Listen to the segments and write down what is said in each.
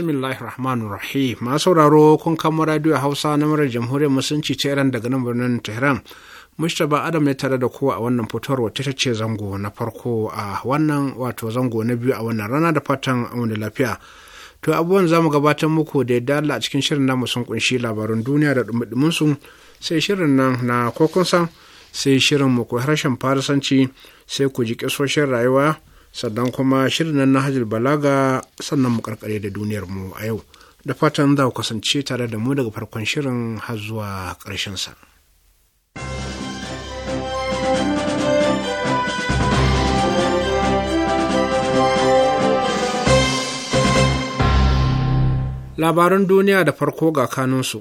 bismillahir rahmanir rahim masu sauraro kun kama radio hausa na murar jamhuriyar musulunci ta iran daga nan birnin tehran mustapha adam ya tare da kowa a wannan fitowar wacce ta ce zango na farko a wannan wato zango na biyu a wannan rana da fatan wani lafiya to abubuwan za mu gabatar muku da ya a cikin shirin namu sun kunshi labarun duniya da dumudumin su sai shirin nan na kokonsa sai shirin mu harshen farisanci sai ku ji kisoshin rayuwa sannan kuma shirin nan na hajjar balaga sannan mu karkare da duniyar mu a yau da fatan za ku kasance tare da mu daga farkon shirin har zuwa ƙarshen sa. Labaran duniya da farko ga kanunsu.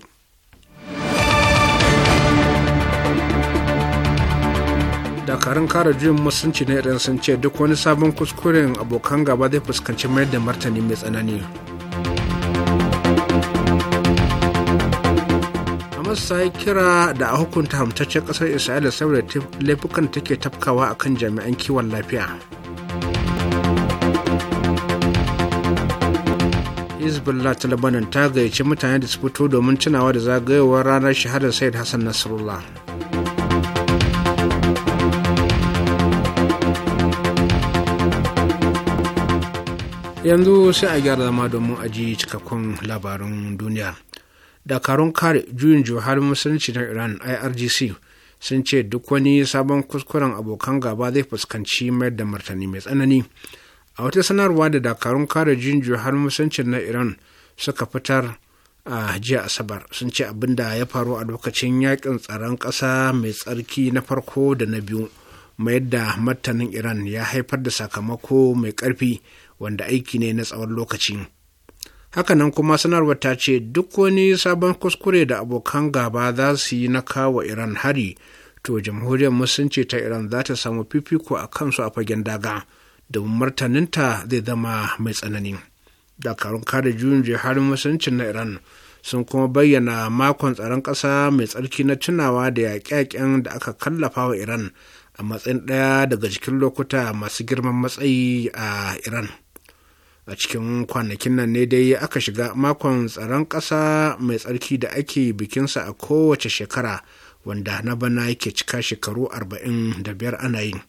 dakarun kara juyin musulunci na irin sun ce duk wani sabon kuskuren abokan gaba zai fuskanci mayar da martani mai tsanani hamas ta kira da a hukunta hamtaccen kasar isra'ila saboda laifukan take tafkawa kan jami'an kiwon lafiya hezbollah ta labanin ta gayyaci mutane da su fito domin tunawa da zagayowar ranar shahadar said hassan nasrullah yanzu sai a gyara zama domin a aji cikakkun labarin duniya dakarun kare juyin juhar musulunci na iran irgc sun ce duk wani sabon kuskuren abokan gaba zai fuskanci mayar da martani mai tsanani a wata sanarwa da dakarun kare juyin juhar musulunci na iran suka fitar a jiya asabar sun ce abin da ya faru a lokacin yakin tsaron ƙasa mai tsarki na farko da na biyu mayar da martanin iran ya haifar da sakamako mai ƙarfi wanda aiki ne na tsawon lokaci hakanan kuma sanarwar ta ce duk wani sabon kuskure da abokan gaba za su yi na kawo iran hari to jamhuriyar musulunci ta iran za ta samu fifiko a kansu a fagen daga domin martaninta zai zama mai tsanani dakarun kare juyin jiharin musulunci na iran sun kuma bayyana makon tsaron ƙasa mai tsarki na tunawa da yaƙyaƙen da aka kallafa wa iran a matsayin ɗaya daga cikin lokuta masu girman matsayi a iran a cikin kwanakin nan ne dai aka shiga makon tsaron ƙasa mai tsarki da ake bikinsa a kowace shekara wanda na bana yake cika shekaru 45 ana yin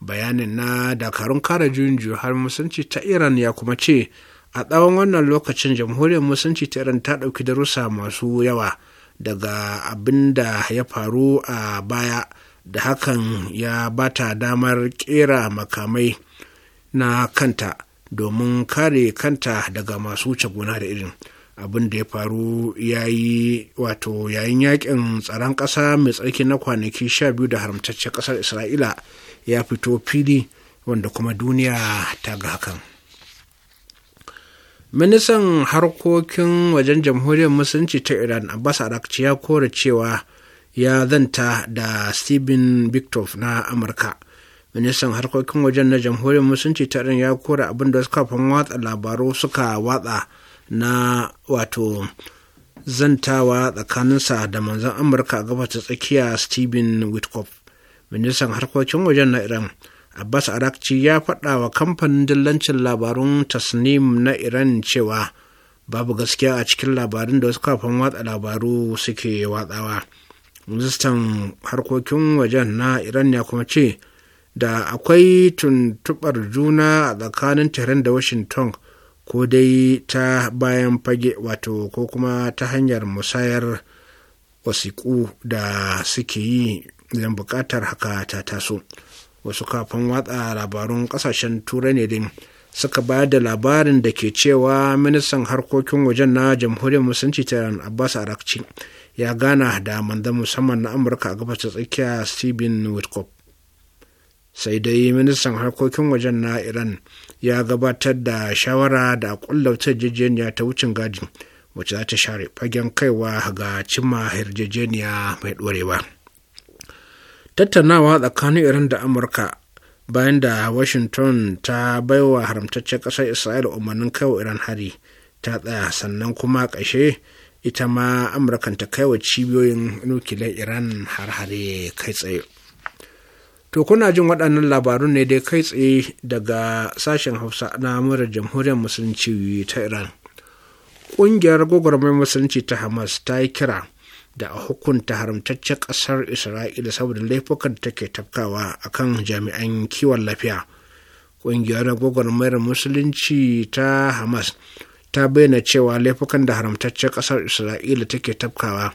bayanin na dakarun Kara juyin har musulunci ta iran ya kuma ce a tsawon wannan lokacin jamhuriyar musulunci ta iran ta ɗauki darussa masu yawa daga abin da ya faru a baya da hakan ya bata damar ƙera makamai na kanta domin kare kanta daga masu wuce gona da irin abin da ya faru yi wato yayin yakin tsaron ƙasa mai tsarki na kwanaki sha biyu da haramtaccen ƙasar isra'ila ya fito fili wanda kuma duniya ta ga hakan ministan harkokin wajen jamhuriyar musulunci ta iran abbas arakci ya kore cewa ya zanta da stephen victor na amurka ministan harkokin wajen na jamhuriyar musulunci ta ya kora abin da kafin watsa labaru suka watsa na wato zantawa tsakaninsa da manzan amurka a gabas ta tsakiya stephen witkoff ministan harkokin wajen na iran abbas arakci ya faɗa wa kamfanin dillancin labarun tasnim na iran cewa babu gaskiya a cikin labarin da wasu kafin watsa labaru suke watsawa ministan harkokin wajen na iran ya kuma ce da akwai tuntubar juna a tsakanin tehran da washington ko dai ta bayan fage wato ko kuma ta hanyar musayar wasiƙu da suke yi idan buƙatar haka ta taso wasu kafin watsa labarun ƙasashen turai ne din suka bayar da labarin da ke cewa ministan harkokin wajen na jamhuriyar musulunci ta abbas arakci ya gana da manzan musamman na amurka a gabas tsakiya stephen witkoff sai dai ministan harkokin wajen na iran ya gabatar da shawara da kullautar jejeniya ta wucin gadi wacce za ta share fagen kaiwa ga cimma yarjejeniya mai ɗorewa tattaunawa tsakanin iran da amurka bayan da washington ta baiwa haramtaccen ƙasar isra'ila umarnin kaiwa iran hari ta tsaya sannan kuma ƙashe ita ma amurkan ta kaiwa cibiyoyin nukiliyar iran har hare kai tsaye To kuna jin waɗannan labarun ne dai kai tsaye daga sashen Hausa na murar jamhuriyar musulunci ta Iran. Ƙungiyar gwagwarmar musulunci ta Hamas ta yi kira da a hukunta haramtaccen ƙasar Isra'ila saboda laifukan da take tafkawa a kan jami'an kiwon lafiya. Ƙungiyar gwagwarmar musulunci ta Hamas ta bayyana cewa laifukan da haramtaccen ƙasar Isra'ila take tafkawa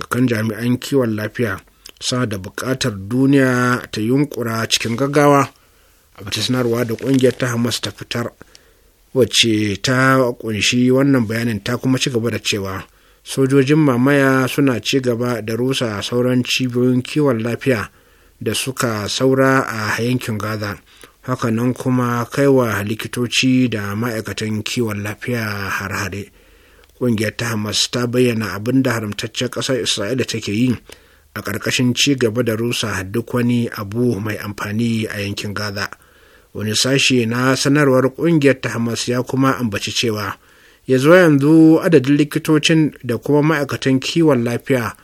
a kan jami'an kiwon lafiya. sa da buƙatar duniya ta yunkura cikin gaggawa a bata sanarwa da ƙungiyar ta hamas ta fitar wacce ta ƙunshi wannan bayanin ta kuma ci gaba da cewa sojojin mamaya suna ci gaba da rusa sauran cibiyoyin kiwon lafiya da suka saura a yankin gaza hakanan kuma kaiwa likitoci da ma'aikatan kiwon lafiya har-hare ƙungiyar ta hamas ta bayyana abin da haramtaccen ƙasar isra'ila take yi a ƙarƙashin ci gaba da rusa duk wani abu mai amfani a yankin gaza wani sashe na sanarwar ƙungiyar ta hamas ya kuma ambaci cewa ya zo yanzu adadin likitocin da kuma ma'aikatan kiwon lafiya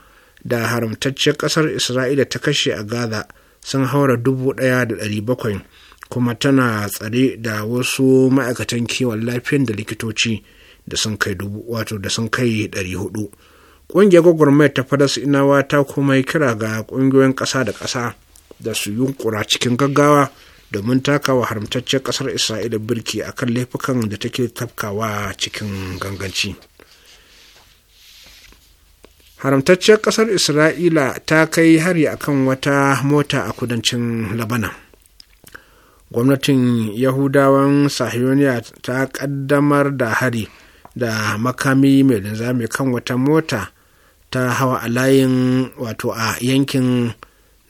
da haramtacciyar ƙasar isra'ila ta kashe a gaza sun haura dubu ɗaya da ɗari bakwai kuma tana tsare da wasu ma'aikatan kiwon lafiyan da likitoci da sun kai dubu wato da sun kai ɗari hudu ƙungiyar gwagwarmayar ta inawa ta kuma yi kira ga ƙungiyoyin ƙasa da ƙasa da su yunƙura cikin gaggawa domin takawa haramtaccen ƙasar isra'ila birki a kan laifukan da take tafkawa cikin ganganci haramtaccen ƙasar isra'ila ta kai hari a kan wata mota a kudancin labanan gwamnatin yahudawan sahiyoniya ta ƙaddamar da hari da makami mai linzami kan wata mota ta hawa a layin wato a yankin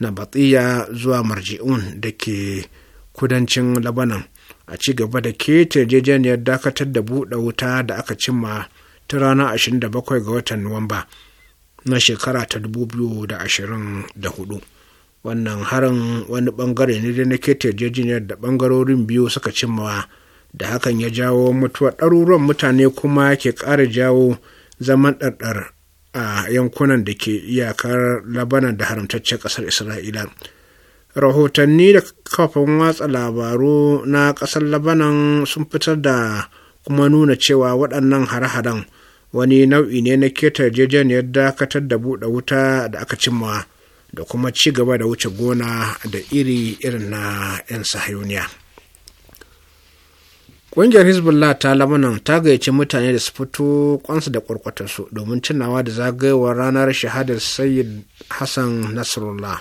nabatiya zuwa marji'un da ke kudancin labanan a ci gaba da keta yarjejeniyar dakatar da buɗe wuta da aka cimma ta ranar 27 ga watan nuwamba na shekara ta 2024 wannan harin wani bangare ne da na keta yarjejeniyar da bangarorin biyu suka cimma da hakan ya jawo mutuwar ɗaruruwan mutane kuma ke ƙara jawo zaman ɗarɗar a yankunan da ke iyakar labanan da haramtaccen ƙasar isra'ila rahotanni da kafin watsa labaru na ƙasar labanan sun fitar da kuma nuna cewa waɗannan hare-haren wani nau'i ne na keta yarjejeniyar dakatar da buɗe wuta da aka cimma da kuma ci gaba da wuce gona da iri irin na 'yan sahayuniya. Ƙungiyar Hezbollah ta Lamunan ta gayyaci mutane da su fito kwansu da ƙwarƙwatarsu domin tunawa da zagayowar ranar shahadar Sayyid Hassan Nasrullah.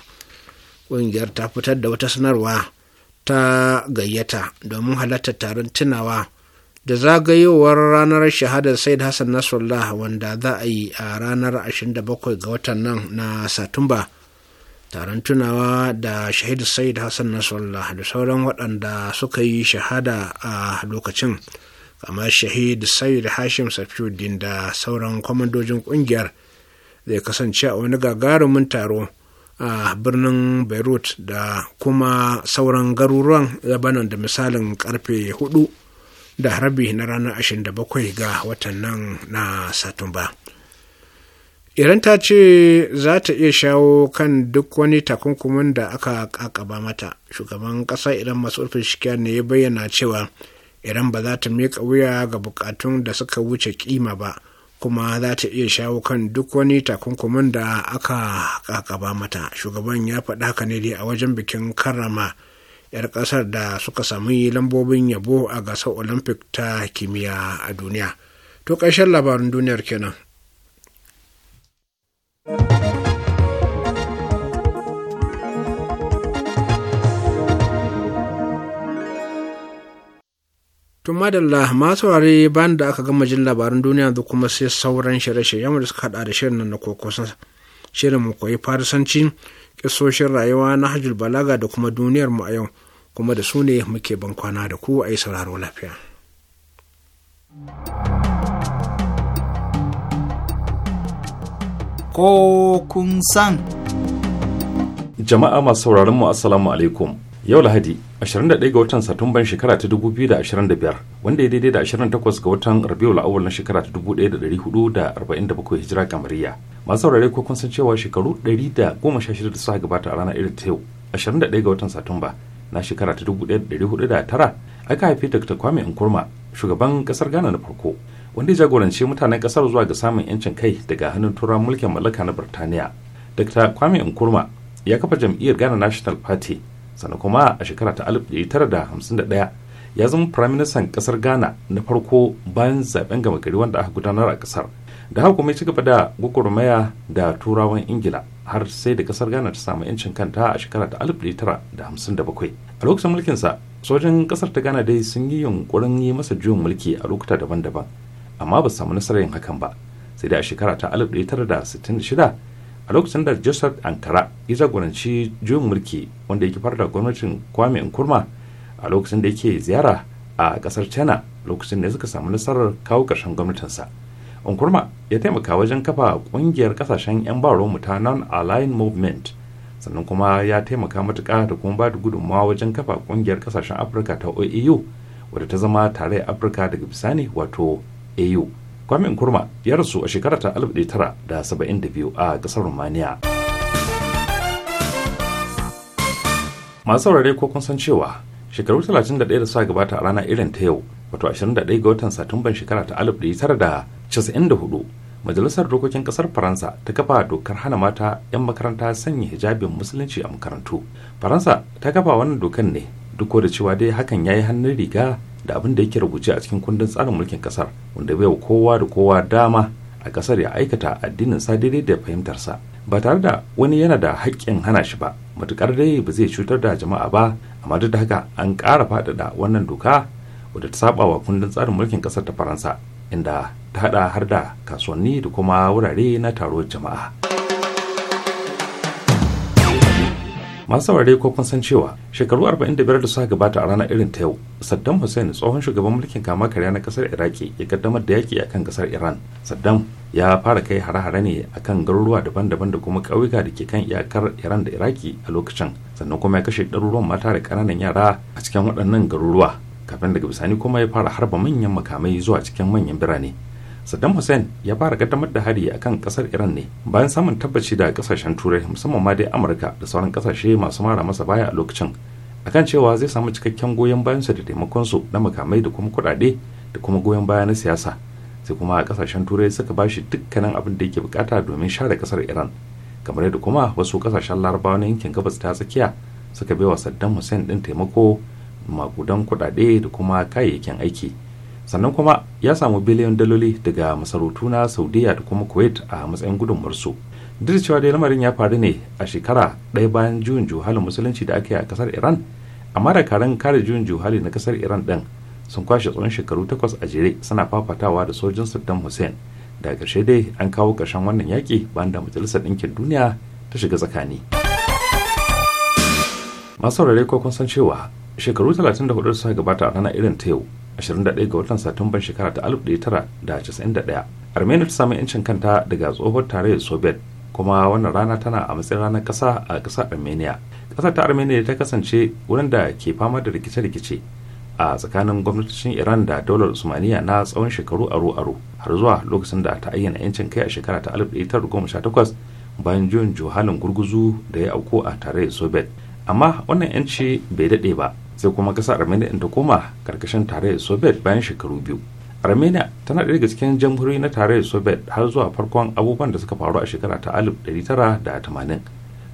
Ƙungiyar ta fitar da wata sanarwa ta gayyata domin halartar taron tunawa da zagayowar ranar shahadar Sayyid Hassan Nasrullah wanda za a yi a ranar 27 ga watan nan na Satumba. taron tunawa da shahid said hassan nasrallah da sauran waɗanda suka yi shahada a lokacin kamar shahid said hashim safiuddin da sauran kwamandojin ƙungiyar zai kasance a wani gagarumin taro a birnin beirut da kuma sauran garuruwan labanan da misalin karfe 4 da harbi na ranar 27 ga watan nan na satumba. Iran ta ce za ta iya shawo kan duk wani takunkumin da aka kakaba mata. Shugaban ƙasa Iran masu shikiya ne ya bayyana cewa Iran ba za ta miƙa wuya ga buƙatun da suka wuce kima ba, kuma za ta iya shawo kan duk wani takunkumin da aka kakaba mata. Shugaban ya faɗa haka ne dai a wajen bikin karrama 'yar ƙasar da suka sami lambobin yabo a gasar Olympic ta kimiyya a duniya. To ƙarshen labarin duniyar kenan. tun madalla masu saurare bayan da aka gama jin labarin duniya da kuma sai sauran shirye-shiryen da suka hada da shirin nan na kokosan shirin mu koyi farisanci kisoshin rayuwa na hajjul balaga da kuma duniyar mu a yau kuma da su ne muke bankwana da ku a yi sauraro lafiya. ko kun san. Jama'a masu sauraron mu Assalamu alaikum. Yau Lahadi, 21 ga watan Satumban shekara ta 2025, wanda ya daidai da 28 ga watan Rabiul Awwal na shekara ta 1447 Hijira kamariya. Masu saurare ko kun san cewa shekaru 116 da suka gabata a ranar irin ta yau, 21 ga watan Satumba na shekara ta 1409, aka haifi Dr. Kwame Nkrumah, shugaban kasar Ghana na farko. wanda ya jagoranci mutanen kasar zuwa ga samun yancin kai daga hannun turawan mulkin mallaka na birtaniya dr kwame nkrumah ya kafa jam'iyyar ghana national party sannan kuma a shekara ta 1951 ya zama firaministan kasar ghana na farko bayan zaben gama gari wanda aka gudanar a kasar da haka kuma ya ci gaba da gwagwarmaya da turawan ingila har sai da kasar ghana ta samu yancin kanta a shekara ta 1957 a lokacin mulkinsa sojin kasar ta ghana dai sun yi yunkurin yi masa juyin mulki a lokuta daban-daban amma ba samu nasarar yin hakan ba sai da a shekara ta 1966 a lokacin da joseph ankara ya jagoranci juyin mulki wanda ya fara da gwamnatin kwame nkurma a lokacin da yake ziyara a kasar china lokacin da suka samu nasarar kawo gwamnatin sa nkurma ya taimaka wajen kafa ƙungiyar ƙasashen 'yan mu ta non-aligned movement sannan kuma ya taimaka matuƙa da kuma ba da gudunmawa wajen kafa ƙungiyar ƙasashen afirka ta oeu wadda ta zama tare afirka daga bisani wato au kwamin kurma ya rasu a shekara ta 1972 a kasar romania masu saurare ko kun san cewa shekaru 31 da suka gabata a rana irin ta yau wato 21 ga watan satumban shekara ta 1994 majalisar dokokin kasar faransa ta kafa dokar hana mata 'yan makaranta sanya hijabin musulunci a makarantu faransa ta kafa wannan dokar ne duk da cewa dai hakan ya yi hannun riga da abin da yake rubuce a cikin kundin tsarin mulkin kasar wanda bai kowa da kowa dama a kasar ya aikata addinin sa daidai da fahimtarsa ba tare da wani yana da haƙƙin hana shi ba matukar dai ba zai cutar da jama'a ba amma duk da haka an ƙara faɗaɗa wannan doka wadda ta saba wa kundin tsarin mulkin kasar ta faransa inda ta haɗa har da kasuwanni da kuma wurare na taro jama'a. masu saurare ko kun san cewa shekaru 45 da suka gabata a ranar irin ta yau saddam hussein tsohon shugaban mulkin kama karya na kasar iraki ya kaddamar da yaki akan kasar iran saddam ya fara kai hare-hare ne akan garuruwa daban-daban da kuma kauyuka da ke kan iyakar iran da iraki a lokacin sannan kuma ya kashe ɗaruruwan mata da ƙananan yara a cikin waɗannan garuruwa kafin daga bisani kuma ya fara harba manyan makamai zuwa cikin manyan birane saddam hussein ya fara kaddamar da hari akan kasar iran ne bayan samun tabbaci da kasashen turai musamman ma dai amurka da sauran kasashe masu mara masa baya a lokacin akan cewa zai samu cikakken goyon bayan su da taimakon su na makamai da kuma kuɗaɗe da kuma goyon baya na siyasa sai kuma kasashen turai suka ba shi dukkanin abin da yake bukata domin share kasar iran kamar yadda kuma wasu kasashen larabawa na yankin gabas ta tsakiya suka bai wa saddam hussein din taimako makudan kuɗaɗe da kuma kayayyakin aiki sannan kuma ya samu biliyan daloli daga masarautu na saudiya da kuma kuwait a matsayin gudunmarsu duk da cewa dai lamarin ya faru ne a shekara ɗaya bayan juyin juhalin musulunci da aka yi a kasar iran amma da karen kare juyin juhali na kasar iran ɗin sun kwashe tsawon shekaru takwas a jere suna fafatawa da sojin saddam hussein da ƙarshe dai an kawo ƙarshen wannan yaƙi bayan da majalisar ɗinkin duniya ta shiga tsakani masu saurare ko kun san cewa shekaru 34 suka gabata a rana irin ta yau 21 ga watan satumban shekara ta 1991 armenia ta samu yancin kanta daga tsohon tarayyar soviet kuma wannan rana tana a matsayin ranar ƙasa a ƙasar armenia ƙasar ta armenia ta kasance wurin da ke fama da rikice-rikice a tsakanin gwamnatocin iran da daular usmaniya na tsawon shekaru aro-aro har zuwa lokacin da ta ayyana yancin kai a shekara ta 1918 bayan juyin juhalin gurguzu da ya auku a tarayyar soviet amma wannan yanci bai daɗe ba sai kuma kasar armenia ta koma karkashin tarayyar soviet bayan shekaru biyu armenia tana ɗaya daga cikin jamhuri na tarayyar soviet har zuwa farkon abubuwan da suka faru a shekara ta 1980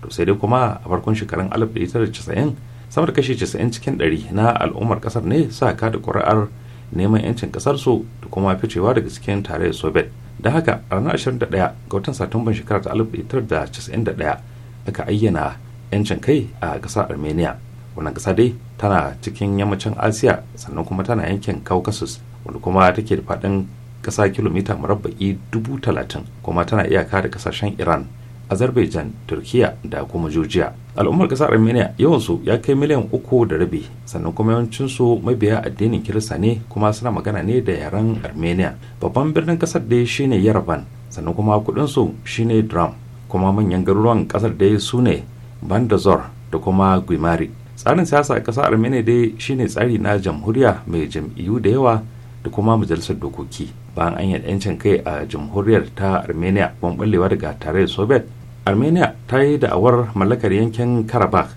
to sai dai kuma a farkon shekarun 1990 sama da kashi 90 cikin 100 na al'ummar kasar ne sa ka da ƙuri'ar neman 'yancin kasar su da kuma ficewa daga cikin tarayyar soviet da haka a ranar 21 ga watan satumban shekara ta 1991 aka ayyana 'yancin kai a ƙasar armenia wannan ƙasa dai tana cikin yammacin asiya sannan kuma tana yankin caucasus wanda kuma take da faɗin kasa kilomita murabba'i dubu talatin kuma tana iyaka da kasashen iran azerbaijan turkiya da kuma georgia al'ummar ƙasar armenia yawansu ya kai miliyan uku da rabi sannan kuma yawancinsu mabiya addinin kirista ne kuma suna magana ne da yaren armenia babban birnin ƙasar dai shine yerevan sannan kuma kuɗinsu shine drum kuma manyan garuruwan ƙasar dai su ne bandazor da kuma guimari tsarin siyasa a ƙasar armenia dai shine tsari na jamhuriya mai jam'iyyu da yawa da kuma majalisar dokoki bayan an yi yancin kai a jamhuriyar ta armenia ban ballewa daga tarayyar soviet armenia ta yi da'awar mallakar yankin karabakh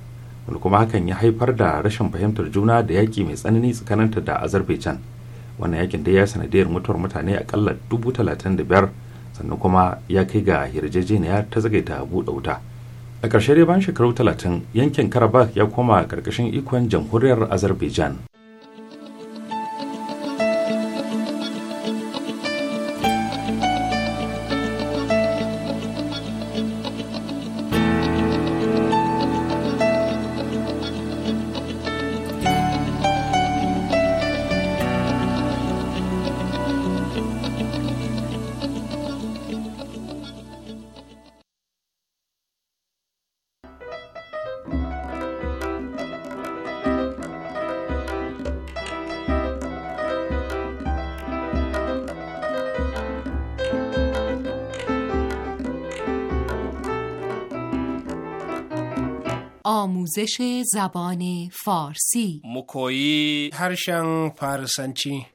wanda kuma hakan ya haifar da rashin fahimtar juna da yaƙi mai tsanani tsakaninta da azerbaijan wannan yakin dai ya sanadiyar mutuwar mutane akalla dubu talatin da biyar sannan kuma ya kai ga yarjejeniya ta zagaita buɗe wuta a ƙarshe dai ban shekaru 30 yankin karabakh ya koma ƙarƙashin ikon jamhuriyar azerbaijan آموزش زبان فارسی مکویی هرشن فارسنچی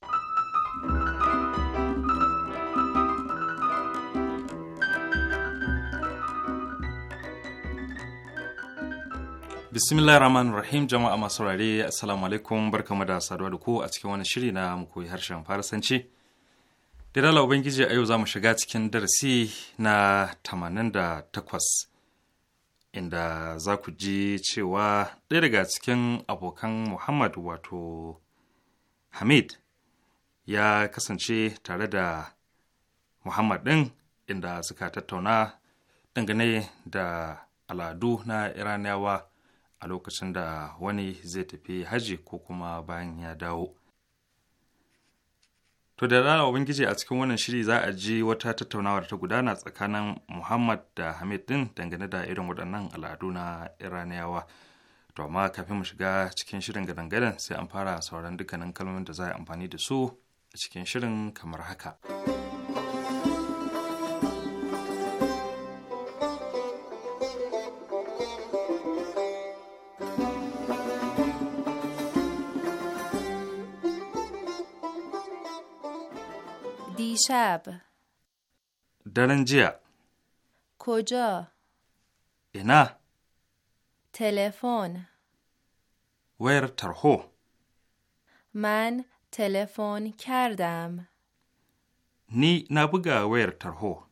bismillah rahman rahim jama'a masu saurare assalamu alaikum barkamu da saduwa da ku a cikin wani shiri na mu koyi harshen farasanci da dala ubangiji a yau za mu shiga cikin darasi na 88 inda za ku ji cewa ɗaya daga cikin abokan Muhammad wato Hamid ya kasance tare da Muhammad ɗin inda suka tattauna dangane da al'adu na Iraniyawa a lokacin da wani zai tafi haji ko kuma bayan ya dawo. To da rana Ubangiji a cikin wannan shiri za a ji wata tattaunawa da ta gudana tsakanin Muhammad da Hamid din dangane da irin waɗannan al'adu na Iraniyawa. To amma kafin mu shiga cikin shirin gadan-gadan sai an fara sauran dukkanin kalmomin da za a yi amfani da su a cikin shirin kamar haka. دیشب درن جیا کجا اینا تلفن ویر ترهو من تلفن کردم نی نبگا ویر ترهو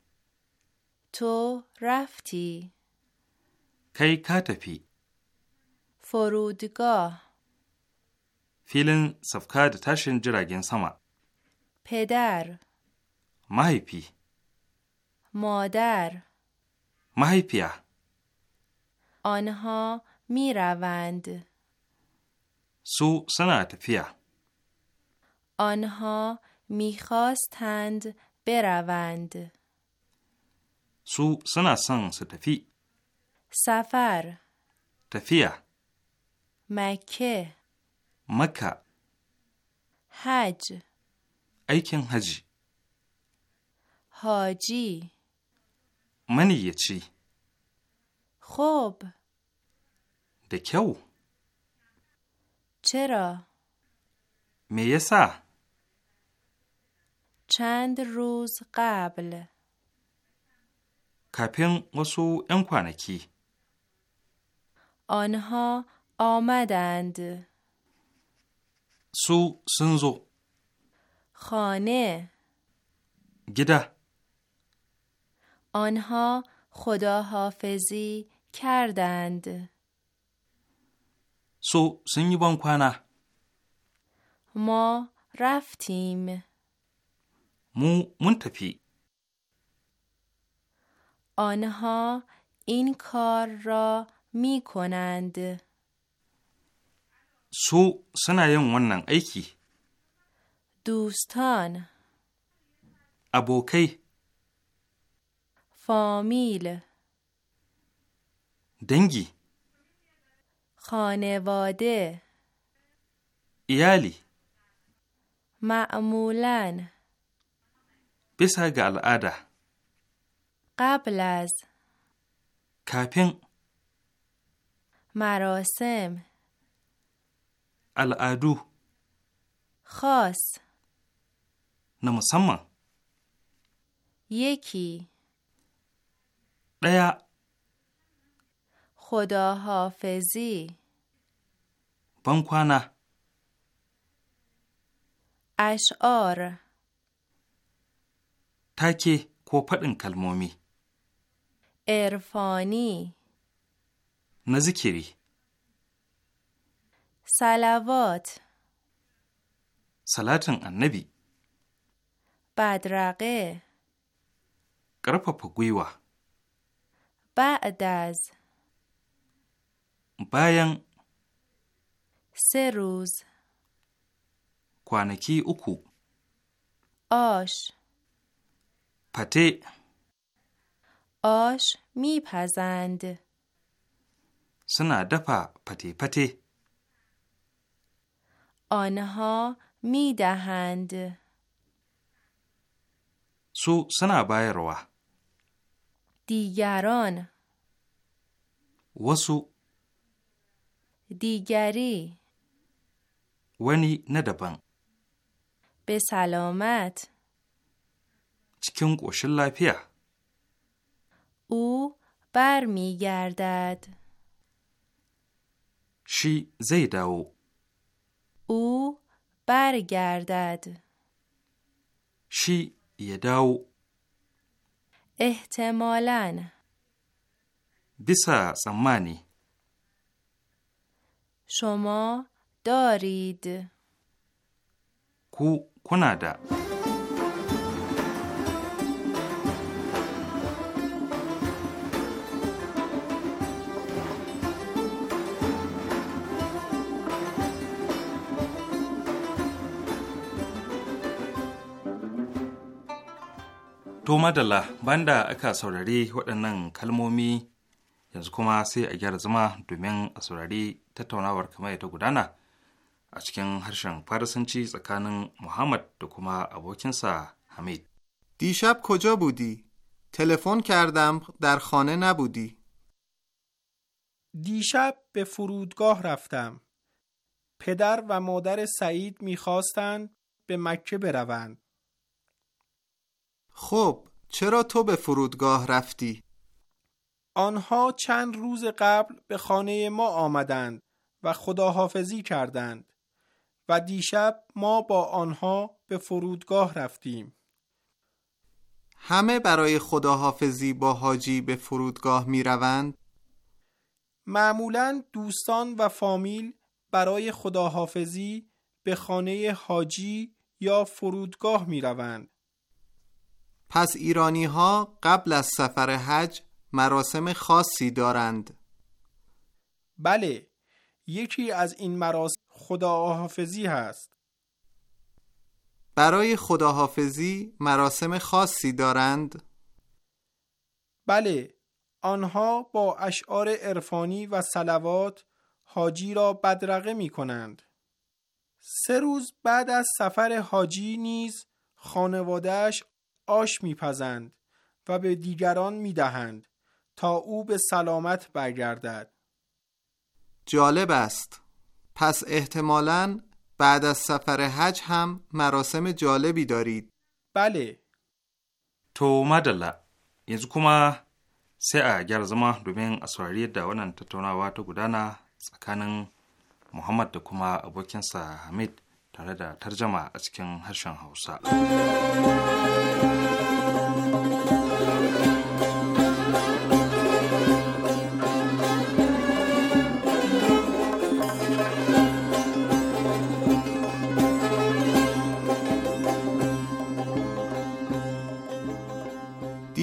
تو رفتی کی کاتفی فرودگاه فیلن سفکاد تاشن جراگین سما پدر مهیپی مادر مهیپیا آنها می روند سو سنات پیا آنها میخواستند بروند سو سنا سن ستفی سفر تفیا مکه مکه حج ایکن حجی حاجی من یه چی؟ خوب او؟ چرا؟ میسا چند روز قبل کپین وسو انکوانکی آنها آمدند سو سنزو خانه گده آنها خداحافظی کردند. سو سنیبان کنه؟ ما رفتیم. مو منتفی. آنها این کار را می کنند. سو سنایم ونن ایکی. دوستان. ابوکی. فامیل دنگی خانواده ایالی معمولا بسهگ العاده قبل از کپین، مراسم العادو خاص نمسمه یکی ɗaya ban kwana ash'ar take ko faɗin kalmomi. Irfani Na zikiri. Salawat Salatin annabi. Badrage Ƙarfafa gwiwa. بعد از باین سه روز کوانکی اوکو آش پته آش میپزند سنا دفا پته پته آنها میدهند سو سنا بایروا دیگران وسو دیگری ونی ندبن به سلامت چکن قوشن پیا او بر گردد شی زیده او او برگردد شی یه Ihtimalan. Bisa tsammani. Shoma darid. Ku kuna da. To madalla banda aka saurari waɗannan kalmomi yanzu kuma sai a gyara zama domin a saurari tattaunawar kamar ta gudana a cikin harshen farisanci tsakanin Muhammad da kuma abokinsa Hamid. دیشب کجا بودی؟ تلفن کردم در خانه نبودی. دیشب به فرودگاه رفتم. پدر و مادر سعید میخواستند به مکه بروند. خب چرا تو به فرودگاه رفتی؟ آنها چند روز قبل به خانه ما آمدند و خداحافظی کردند و دیشب ما با آنها به فرودگاه رفتیم. همه برای خداحافظی با حاجی به فرودگاه می روند؟ معمولا دوستان و فامیل برای خداحافظی به خانه حاجی یا فرودگاه می روند. پس ایرانی ها قبل از سفر حج مراسم خاصی دارند بله یکی از این مراسم خداحافظی هست برای خداحافظی مراسم خاصی دارند بله آنها با اشعار عرفانی و سلوات حاجی را بدرقه می کنند سه روز بعد از سفر حاجی نیز خانوادهش آش میپزند و به دیگران میدهند تا او به سلامت برگردد جالب است پس احتمالا بعد از سفر حج هم مراسم جالبی دارید بله تو مدلا yanzu kuma sai a gyara zama domin a saurari yadda wannan tattaunawa ta gudana tsakanin muhammad da kuma abokinsa hamid tare da tarjama a cikin harshen hausa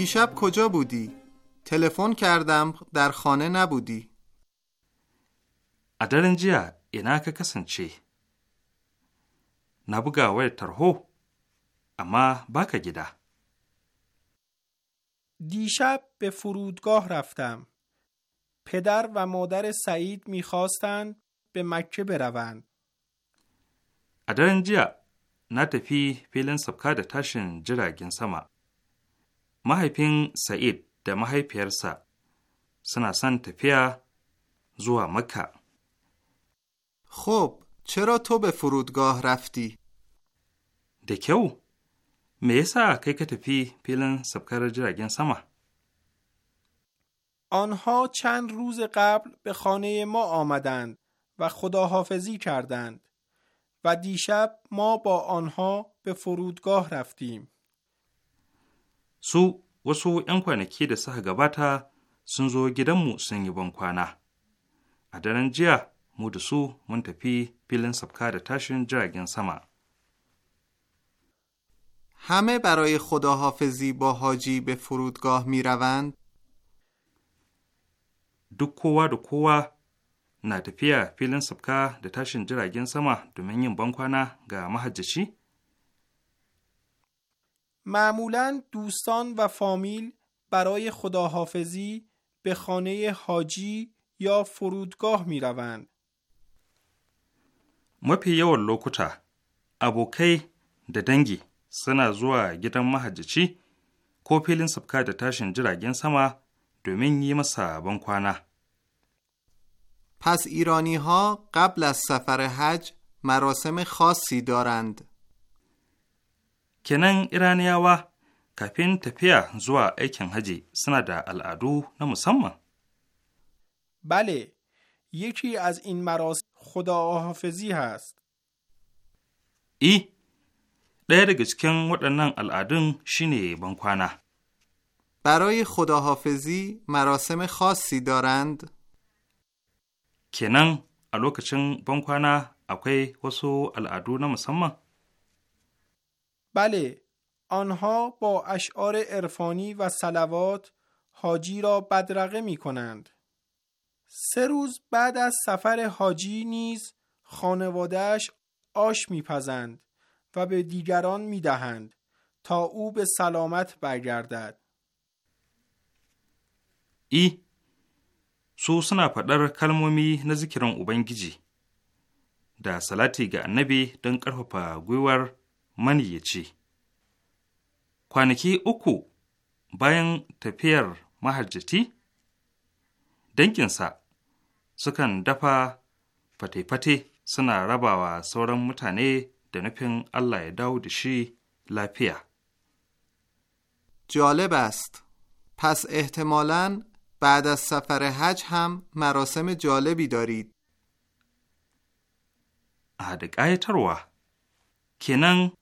دیشب کجا بودی؟ تلفن کردم در خانه نبودی. ادرنجیا جیا اینا که کسن چی؟ نبوگا وی ترهو اما باکا گیده. دیشب به فرودگاه رفتم. پدر و مادر سعید میخواستند به مکه بروند. ادرنجیا جیا na فیلن filin ده تاشن جراگین سما. mahaifin Sa'id da mahaifiyarsa suna son tafiya zuwa مکه. خب چرا تو به فرودگاه رفتی؟ da او. me yasa kai ka tafi filin سما. آنها چند روز قبل به خانه ما آمدند و خداحافظی کردند و دیشب ما با آنها به فرودگاه رفتیم. su wasu 'yan kwanaki da suka gabata sun zo gidanmu sun yi bankwana. A daren jiya, mu da su mun tafi filin sabka da tashin jiragen sama. همه برای خداحافظی با حاجی به فرودگاه می روند؟ duk kowa da kowa na tafiya filin sabka da tashin jiragen sama domin yin bankwana ga mahajjaci? معمولا دوستان و فامیل برای خداحافظی به خانه حاجی یا فرودگاه می روند. مپی یو لوکوتا ابو کی د دنگی سنا زوا گیدن محجی کو تاشن سما دومین یم سابن پس ایرانی قبل از سفر حج مراسم خاصی دارند kenan iraniyawa kafin tafiya zuwa aikin haji suna da al'adu na musamman bale az in این مراسم خداحافظی هست I, ɗaya daga cikin waɗannan al'adun shine bankwana. برای خداحافظی مراسم خاصی دارند؟ کنن a lokacin bankwana akwai wasu al'adu na musamman? بله آنها با اشعار عرفانی و سلوات حاجی را بدرقه می کنند. سه روز بعد از سفر حاجی نیز خانوادهش آش میپزند و به دیگران دهند تا او به سلامت برگردد. ای سو سنا در کلمومی نزکران اوبنگیجی دا سلاتی گا نبی دن پا maniyyaci kwanaki uku bayan tafiyar mahajjati danginsa sukan dafa fate-fate suna rabawa sauran mutane da nufin Allah ya dawo da shi lafiya. جالب است. پس احتمالا بعد از سفر حج هم مراسم جالبی دارید. a da ƙayatarwa kenan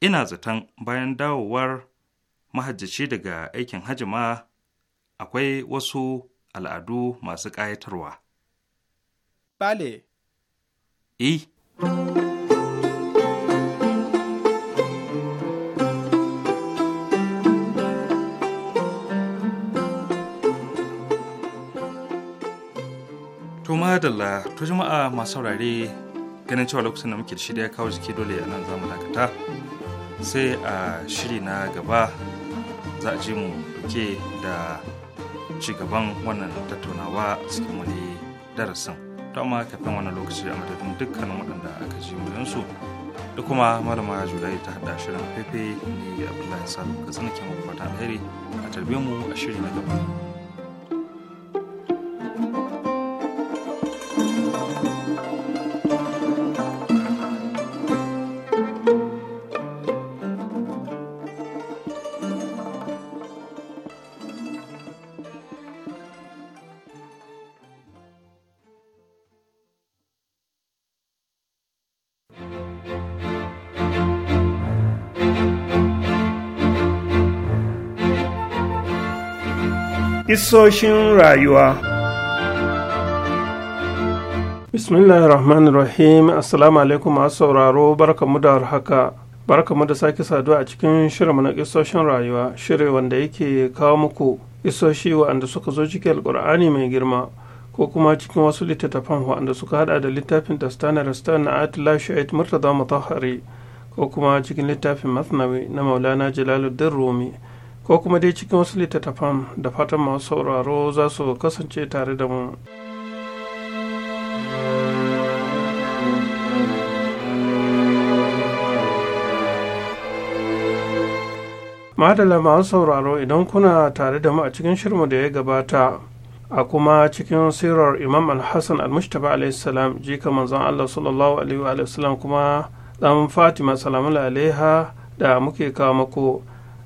ina zaton bayan dawowar mahajjaci daga aikin hajima akwai wasu al'adu masu ƙayatarwa. Bale. E. To madalla, to jama'a masu saurare ganin cewa lokacin da muke da shi da ya kawo jiki dole a nan zamu dakata. sai a shiri na gaba za a ji mu ke da ci gaban wannan tattaunawa cikin wani darasin to amma kafin wannan lokaci a madadin dukkanin waɗanda aka ji muryansu da kuma malama julai ta haɗa shirin fefe ne abdullahi salu ka tsanakin makwata alheri a tarbe mu a shiri na gaba Isoshin rayuwa rahim, Assalamu alaikum masu sauraro barkamu da haka barkamu da sake saduwa a cikin shirin na isoshin rayuwa shirin wanda yake kawo muku isoshi wa'anda suka zo cikin alkur'ani mai girma ko kuma cikin wasu littattafan wa'anda suka haɗa da littafin dastana rastan na atila sha'id murtaza mutahari ko kuma cikin littafin masnawi na maulana jalaluddin rumi ko kuma dai cikin wasu littattafan da fatan masu sauraro za su kasance tare da mu. madala masu sauraro idan kuna tare da mu a cikin shirmu da ya gabata a kuma cikin sirar imam al-hassan al-mustapha alaihissalam jika manzon allah sallallahu alaihi wa sallam kuma dan fatima salamun alaiha da muke kawo mako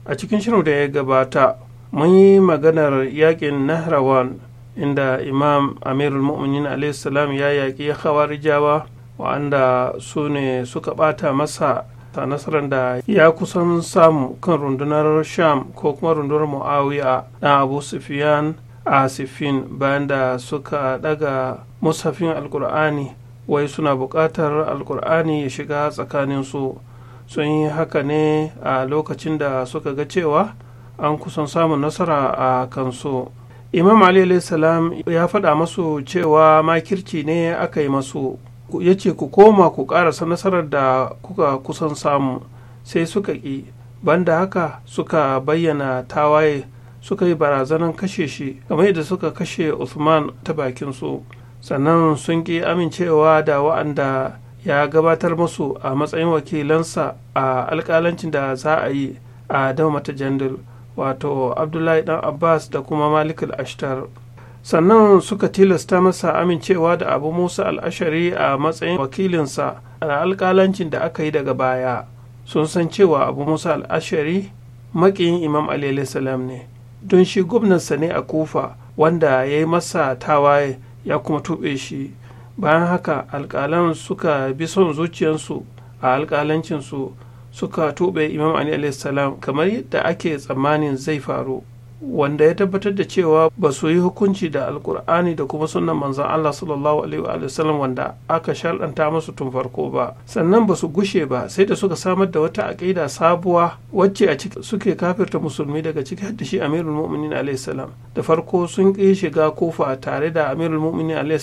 a cikin shirin da ya gabata mun yi maganar yakin nahrawan inda imam amirul mu'minin salam ya yaƙi hawarijawa wa'anda su ne suka ɓata masa ta nasarar da ya kusan samu kan rundunar sham ko kuma rundunar muawiya na abu sufiyan a sifin bayan da suka daga musafin alkur'ani wai suna buƙatar alkur'ani ya shiga tsakaninsu sun yi haka ne a lokacin da suka ga cewa an kusan samun nasara a kansu imam ali salam ya faɗa masu cewa ma makirci ne aka yi masu ya ce ku koma ku ƙarasa nasarar da kuka kusan samu sai suka ƙi banda haka suka bayyana tawaye suka yi barazanan kashe shi kamar yadda suka kashe usman ta bakinsu sannan sun ƙi amincewa da wa'anda ya gabatar musu a matsayin wakilansa a alkalancin da za a yi a daumata jandil wato abdullahi dan abbas da kuma malik al-ashtar sannan suka tilasta masa amincewa da abu musa al-ashari a matsayin wakilinsa a alkalancin da aka yi daga baya sun san cewa abu musa al-ashari makiyin imam salam ne don shi gwamnansa ne a kufa wanda ya yi masa tawaye ya kuma tuɓe shi bayan haka alƙalan suka bi son zuciyarsu a alƙalancinsu suka tuɓe imam ali alaihissalam kamar yadda ake tsammanin zai faru wanda ya tabbatar da cewa ba su yi hukunci da alkur'ani da kuma sunan manzan Allah sallallahu alaihi wa wanda aka sharɗanta masu tun farko ba sannan ba su gushe ba sai da suka samar da wata aƙida sabuwa wacce a ciki suke kafirta musulmi daga ciki har da shi amirul mu'minin alaihi da farko sun ƙi shiga kofa tare da amirul mu'minin alaihi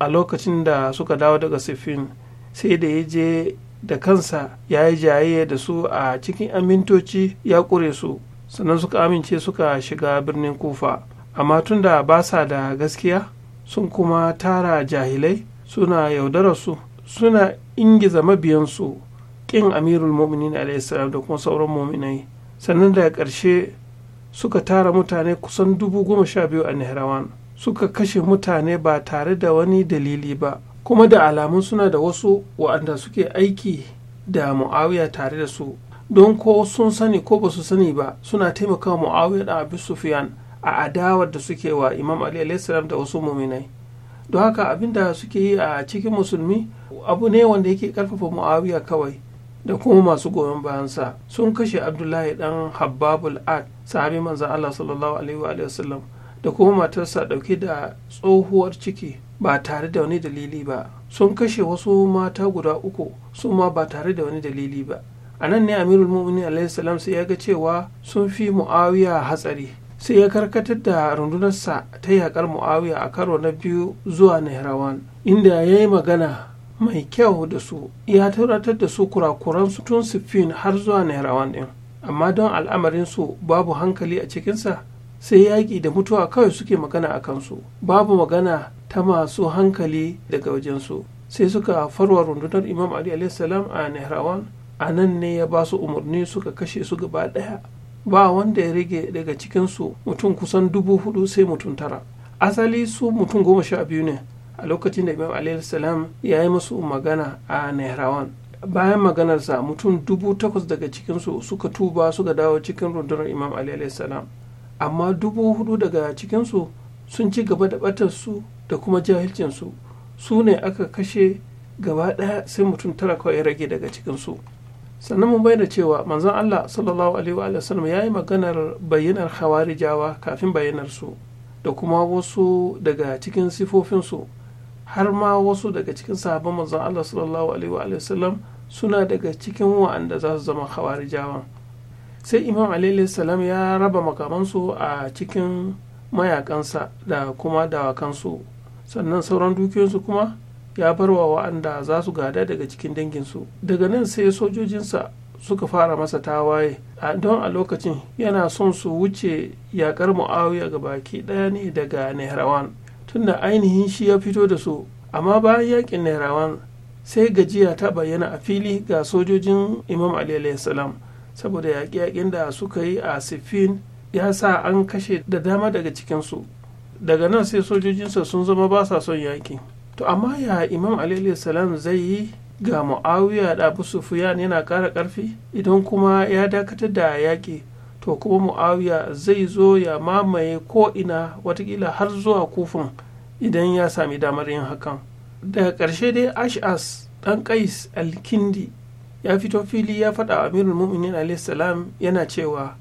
a lokacin da suka dawo daga siffin sai da ya je da kansa ya yi jaye da su a cikin amintoci ya ƙure su sannan suka amince suka shiga birnin kufa amma tun da ba sa da gaskiya sun kuma tara jahilai suna yaudararsu suna ingiza mabiyansu ƙin amirul mominin alaihissalam da kuma sauran mominai, sannan daga ƙarshe suka tara mutane kusan dubu goma sha biyu a nehrawan suka kashe mutane ba tare da wani dalili ba kuma da alamun suna da wasu wa'anda suke aiki da mu'awiya tare da su don ko sun sani ko ba su sani ba suna taimakawa mu'awiya da abu sufiyan a adawar da suke wa imam ali alaihissalam da wasu muminai don haka abin da suke yi a cikin musulmi abu ne wanda yake karfafa mu'awiya kawai da kuma masu goyon bayansa sun kashe abdullahi dan habbabul ad sahabi manzan allah sallallahu alaihi wa sallam da kuma matarsa ɗauke da tsohuwar ciki ba tare da wani dalili ba sun kashe wasu mata guda uku su ma ba tare da wani dalili ba a nan ne amirul mu'minin alaihi salam sai ya ga cewa sun fi mu'awiya hatsari sai ya karkatar da rundunarsa ta yakar mu'awiya a karo na biyu zuwa nahrawan inda ya yi magana mai kyau da su ya tauratar da su kurakuran su tun siffin har zuwa nahrawan din amma don al'amarin su babu hankali a cikinsa sai yaƙi da mutuwa kawai suke magana a kansu babu magana ta masu hankali daga wajensu sai suka farwa rundunar imam ali salam a nehrawan a nan ne ya ba su umarni suka kashe su gaba ɗaya ba wanda ya rage daga cikinsu mutum kusan dubu hudu sai mutum tara asali su mutum goma sha biyu ne a lokacin da imam salam ya yi musu magana a nehrawan bayan maganarsa mutum dubu takwas daga cikinsu suka tuba suka dawo cikin rundunar imam salam amma dubu hudu daga cikinsu sun ci gaba da batarsu da kuma jahilcinsu su ne aka kashe gaba ɗaya sai mutum tara kawai rage daga cikinsu sannan mun bayyana cewa manzon Allah sallallahu alaihi wa sallam ya yi maganar bayyanar hawarijawa kafin bayyanar su da kuma wasu daga cikin sifofinsu har ma wasu daga cikin sahabban manzon Allah sallallahu alaihi wa sallam suna daga cikin wa'anda za su zama hawarijawan sai imam alayhi salam ya raba makamansu a cikin mayakansa da kuma dawakansu sannan sauran dukiyoyinsu kuma ya wa wa'anda za su gada daga cikin danginsu daga nan sai sojojinsa suka fara masa tawaye a don a lokacin yana son su wuce yakar muawiya ga baki ɗaya ne daga nehrawan tunda ainihin shi ya fito da su amma bayan yakin nehrawan sai gajiya ta bayyana a fili ga sojojin imam ali salam saboda yaƙi-yaƙin da suka yi a sifin ya sa an kashe da dama daga cikinsu daga nan sai sojojinsa sun zama ba sa son yaƙi to amma ya imam alayhi salam zai yi ga mu'awiya da abu sufiyan yana ƙara ƙarfi idan kuma ya dakatar da yaƙi to kuma mu'awiya zai zo ya mamaye ko ina watakila har zuwa kufin idan ya sami damar yin hakan daga ƙarshe dai ash'as ɗan kais alkindi ya fito fili ya faɗa amirul mu'minin salam yana cewa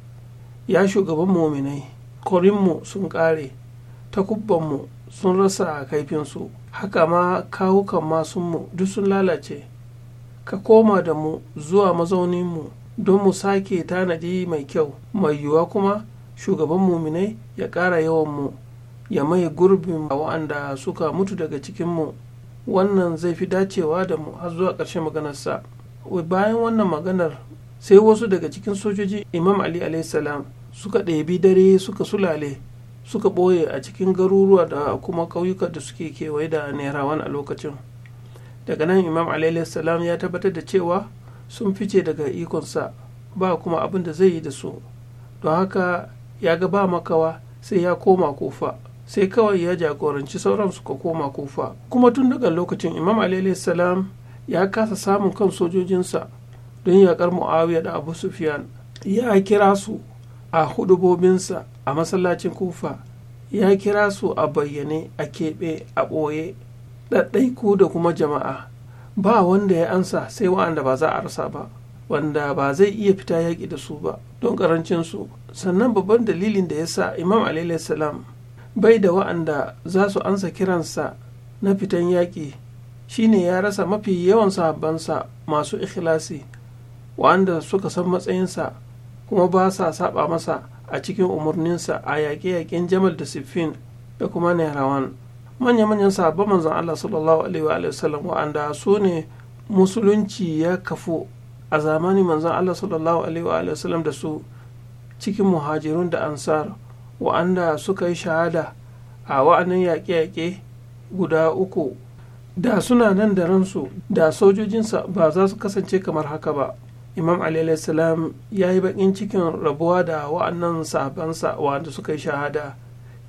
ya shugaban muminai korinmu sun ƙare takubbanmu sun rasa kaifinsu haka ma kawukan masunmu duk sun lalace ka koma da mu zuwa mazauninmu don mu sake tanadi mai kyau mai yiwuwa kuma shugaban muminai ya ƙara yawanmu ya mai gurbin wa'anda suka mutu daga cikinmu wannan zai fi dacewa da mu har zuwa ƙarshen maganarsa bayan wannan maganar sai wasu daga cikin sojoji imam ali salam suka ɗebi dare suka sulale suka ɓoye a cikin garuruwa da kuma ƙauyuka da suke kewaye da nerawan a lokacin daga nan imam salam ya tabbatar da cewa sun fice daga ikonsa ba kuma abin da zai yi da su don haka ya ga ba makawa sai ya koma kofa sai kawai ya jagoranci sauran suka koma kofa kuma tun daga lokacin imam salam ya kasa samun kan sojojinsa don yaƙar muawiya da abu sufyan ya kira su a hudubobinsa a masallacin kufa ya kira su a bayyane a keɓe a ɓoye ɗaɗɗaiku da kuma jama'a ba wanda ya ansa sai wa'anda ba za a rasa ba wanda ba zai iya fita yaƙi da su ba don ƙarancinsu sannan babban dalilin da ya sa imam salam bai da wa'anda za su ansa kiransa na fitan yaƙi shi ne ya rasa mafi yawan sahabbansa masu ikhlasi wanda suka san matsayinsa kuma ba sa saba masa a cikin umarninsa a yaƙe-yaƙen jamal da siffin da kuma nairawan manya-manyan sahabban manzon allah sallallahu alaihi wa sallam wa'anda su ne musulunci ya kafu a zamani manzon allah sallallahu alaihi wa sallam da su cikin muhajirun da ansar wa'anda suka yi shahada a wa'annan yaƙe-yaƙe guda uku da suna nan da ransu da sojojinsa ba za su kasance kamar haka ba imam alayhi salam ya yi bakin cikin rabuwa da wa'annan sabansa wanda suka yi shahada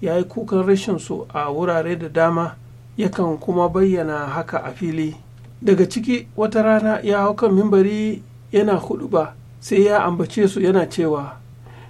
ya yi kukan rashin su a wurare da dama yakan kuma bayyana haka a fili daga ciki wata rana ya hau kan mimbari yana hudu ba sai ya ambace su yana cewa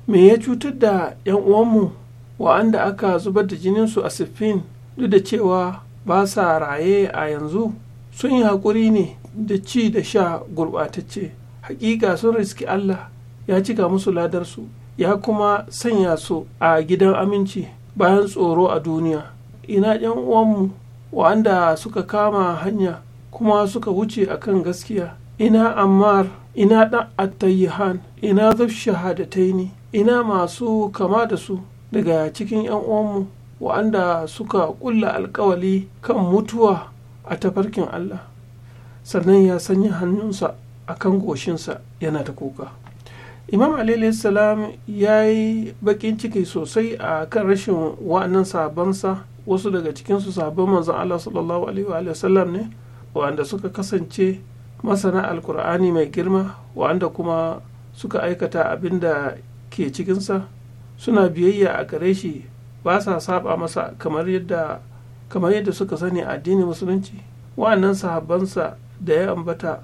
me ya cutar da 'yan uwanmu wa'anda aka zubar da jininsu a siffin duk da cewa ba sa raye a yanzu sun yi haƙuri ne da ci da sha gurɓatacce hakika sun riski Allah ya cika musu ladarsu ya kuma sanya su a gidan aminci bayan tsoro a duniya ina yan uwanmu wa'anda suka kama hanya kuma suka wuce kan gaskiya ina ammar ina ɗan attayihan ina zuf shahadataini ina masu kama da su daga cikin yan uwanmu wa'anda suka ƙulla alkawali kan mutuwa a tafarkin Allah sannan ya sanya hannunsa a kan goshinsa yana ta kuka imam salam ya yi bakin ciki sosai a kan rashin wa'annan sabansa wasu daga cikinsu sabon manzan Allah sallallahu alaihi wa sallam ne wa'anda suka kasance masana alkur'ani mai girma wa'anda kuma suka aikata abin da ke cikinsa suna biyayya a gare shi ba sa saba masa kamar yadda kamar yadda suka sani a addinin musulunci wa'annan sahabbansa da ya ambata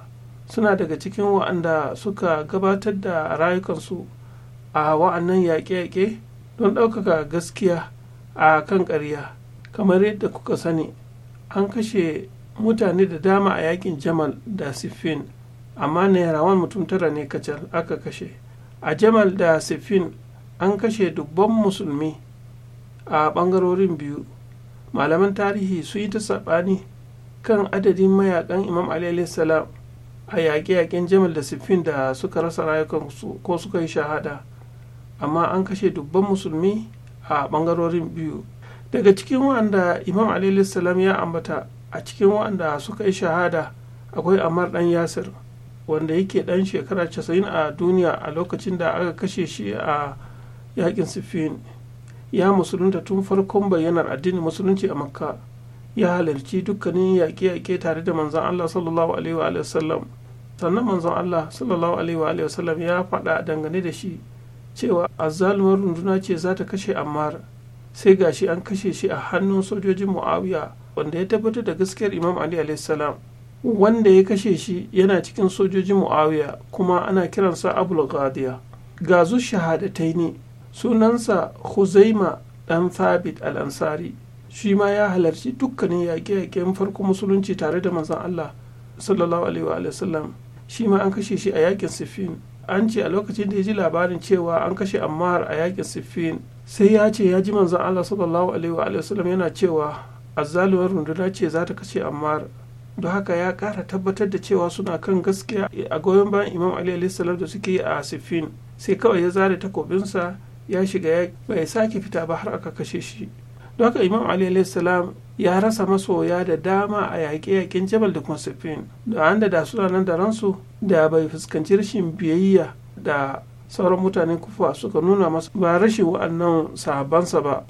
suna daga cikin wa'anda suka gabatar da rayukansu a wa'annan yaƙe-yaƙe don ɗaukaka gaskiya a kan ƙarya kamar yadda kuka sani an kashe mutane da dama a yaƙin jamal da siffin amma nairawan mutum tara ne kacal aka kashe a jamal da siffin an kashe dubban musulmi a ɓangarorin biyu malaman tarihi su yi ta saɓani kan adadin mayakan imam ali salam a yaƙe-yaƙen jamal da siffin da suka rasa rayukansu ko suka yi shahada amma an kashe dubban musulmi a ɓangarorin biyu daga cikin wa'anda imam ali salam ya ambata a cikin wa'anda suka yi shahada akwai amar dan yasir wanda yake dan shekara 90 a duniya a lokacin da aka kashe shi a yaƙin siffin ya musulunta tun farkon bayyanar addinin musulunci a makka ya halarci dukkanin yaƙe-yaƙe tare da manzon allah sallallahu alaihi wa sallam sannan manzon allah sallallahu alaihi wa sallam ya faɗa dangane da shi cewa azzalumar runduna ce za ta kashe ammar sai gashi an kashe shi a hannun sojojin muawiya wanda ya tabbatar da gaskiyar imam ali alaihi salam wanda ya kashe shi yana cikin sojojin muawiya kuma ana kiransa abul ghadiya gazu shahadatai ne sunansa huzaima ɗan thabit al-ansari shi ma ya halarci dukkanin yaƙe-yaƙen farko musulunci tare da manzon Allah sallallahu alaihi wa shi ma an kashe shi a yaƙin siffin an ce a lokacin da ya ji labarin cewa an kashe ammar a yaƙin siffin sai ya ce ya ji manzan Allah sallallahu alaihi wa yana cewa azzaluwar runduna ce za ta kashe ammar don haka ya kara tabbatar da cewa suna kan gaskiya a goyon bayan imam ali alaihi da suke yi a sifin. sai kawai ya zare takobinsa ya shiga bai sake fita ba har aka kashe shi don haka imam ali salam ya rasa masoya da dama a yaƙe-yaƙen jabal da constantine da an da a nan da ransu da bai fuskanci rashin biyayya da sauran mutanen kufa suka nuna masa ba rashin wa'annan sahabbansa ba.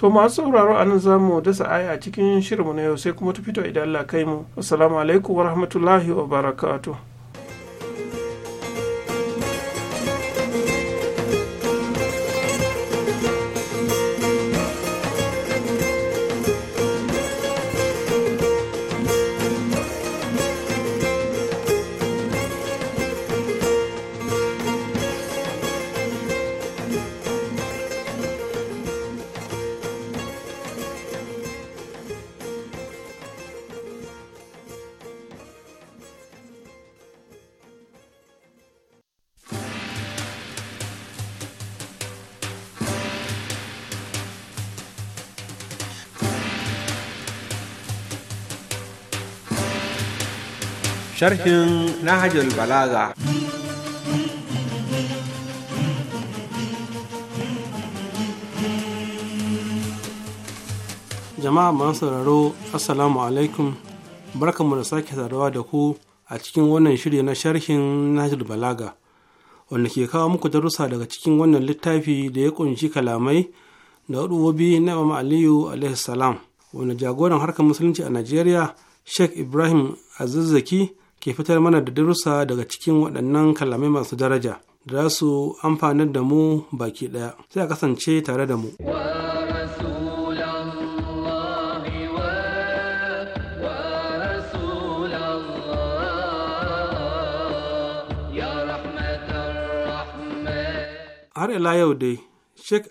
to masu sauraro a nan za mu dasa aya cikin shirinmu na yau sai kuma ta fito idan Allah kai mu assalamu alaikum wa rahmatullahi wa barakatuh sharhin Nahajul Balaga. Jama'a masu sauraro Assalamu alaikum barkanmu da sake saduwa da ku a cikin wannan shirya na sharhin Nahajul Balaga wanda ke kawo muku darussa daga cikin wannan littafi da ya kunshi kalamai da wadubobi na Imam Aliyu alaihi salam wanda jagoran harkar musulunci a Najeriya Sheikh Ibrahim Azizzaki ke fitar mana da darussa daga cikin waɗannan kalamai masu daraja da za su amfanar da mu baki ɗaya sai a kasance tare da mu. har ila yau dai sheikh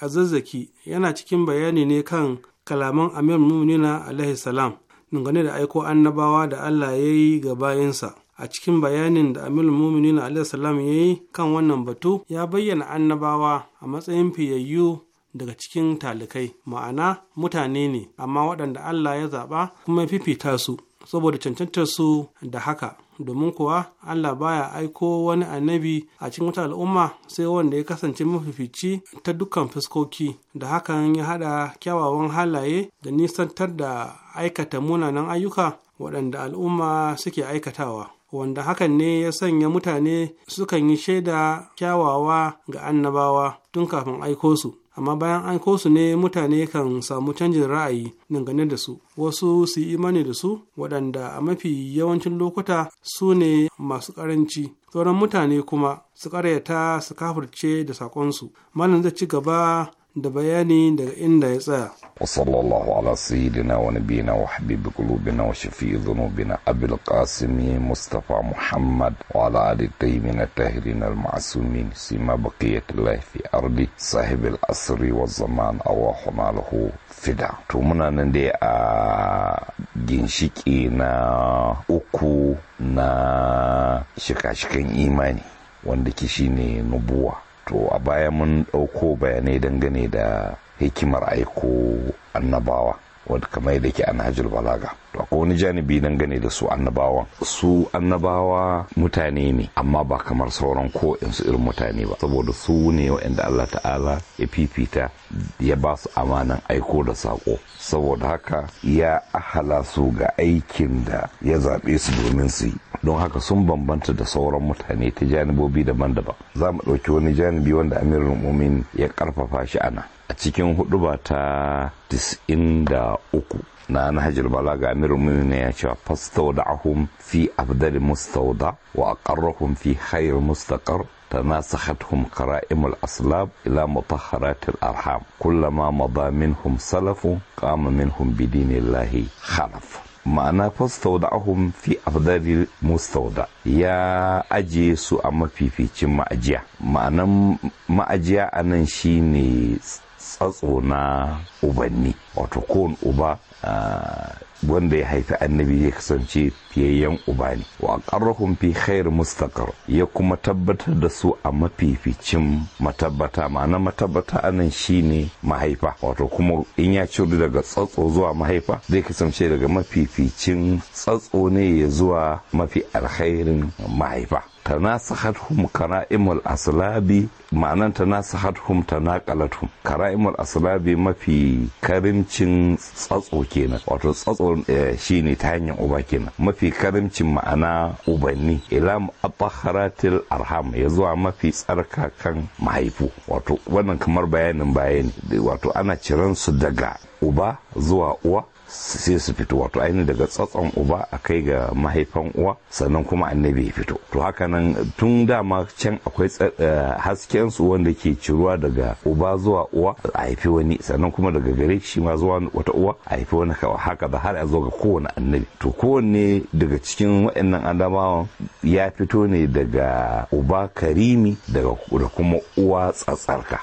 azazzaki yana cikin bayani ne kan kalaman amir mumunina alaihi salam dangane da aiko annabawa da Allah ya yi ga bayansa. a cikin bayanin da amil muminin Salaam ya yi kan wannan batu ya bayyana annabawa a matsayin fiyayyu daga cikin talikai ma'ana mutane ne amma waɗanda allah ya zaɓa kuma fifita su saboda cancantar su da haka domin kuwa Allah baya aiko wani annabi a cikin wata al'umma sai wanda ya kasance mafifici ta dukkan fuskoki da hakan ya haɗa kyawawan halaye da nisantar da aikata munanan ayyuka waɗanda al'umma suke aikatawa wanda hakan ne ya sanya mutane sukan yi shaida kyawawa ga annabawa tun kafin aiko su amma bayan an su ne mutane kan samu canjin ra'ayi dangane da su wasu su yi imani da su waɗanda a mafi yawancin lokuta su ne masu ƙaranci sauran mutane kuma su ƙaryata su kafurce da saƙonsu malam zai ci gaba da bayani daga inda ya tsaya. Wasallallahu ala sayyidina wa nabiyina wa habibi kulubina wa shafi'i zunubina Abul Qasim Mustafa Muhammad wa ala ali tayyibina tahirina al-ma'sumin sima baqiyat Allah ardi sahib al-asr wa zaman aw ahmalahu fida. To muna nan dai a ginshiƙi na uku na shikashikan imani. wanda ke shi ne nubuwa to a baya mun ɗauko bayanai dangane da hikimar aiko annabawa wadda kamar yadda ke hajjul balaga to akwai wani janibi dangane da su annabawan su annabawa mutane ne amma ba kamar sauran ko in su irin mutane ba saboda su ne wa'anda Allah ta'ala ya fifita ya ba su amanan aiko da sako saboda haka ya ahala su ga aikin da ya zaɓe su domin su yi don haka sun bambanta da sauran mutane ta janibobi daban-daban za mu ɗauki wani janibi wanda amirin ya ƙarfafa shi ana a cikin huduba ta 93 na nahajul balaga amirul ne ya cewa fastawda'ahum fi afdal mustauda wa aqarrahum fi khayr mustaqar تناسختهم كرائم الأصلاب إلى مطهرات الأرحام كلما مضى منهم minhum قام kama minhum bidinillahi halaf. ma'ana fastawda'ahum fi afdari mustauda ya ajiye su a mafificin ma'ajiya ma'anan ma'ajiya a shi shine tsatso na ubanni wato kowane uba ah, wanda ya haifi annabi ya kasance fiyayyen uba ne wa qarrahum fi khair mustaqar ya kuma tabbatar da su a mafificin matabbata ma'ana matabbata anan shine mahaifa wato kuma in ya ciro daga tsatso zuwa mahaifa zai kasance daga mafificin tsatso ne ya zuwa mafi alkhairin mahaifa tanasahathum kara'imul aslabi ma'anan tanasahathum tanaqalathum kara'imul aslabi mafi karimcin tsatso kenan wato tsatso eh, shine ta hanyar uba kenan mafi karimcin ma'ana ubanni ila abaharatil arham ya zuwa mafi tsarkakan mahaifu wato wannan kamar bayanin baya ne wato ana ciran su daga uba zuwa uwa sai su fito wato ainihin daga tsatson uba a kai ga mahaifan uwa sannan kuma annabi ya fito to haka nan tun dama can akwai eh, hasken su wanda ke ciruwa daga uba zuwa uwa a haifi wani sannan kuma daga gare shi ma zuwa wata uwa a haifi wani haka da har a zo ga kowane annabi to kowanne daga cikin waɗannan adamawan ya fito ne daga uba karimi daga kuma uwa tsatsarka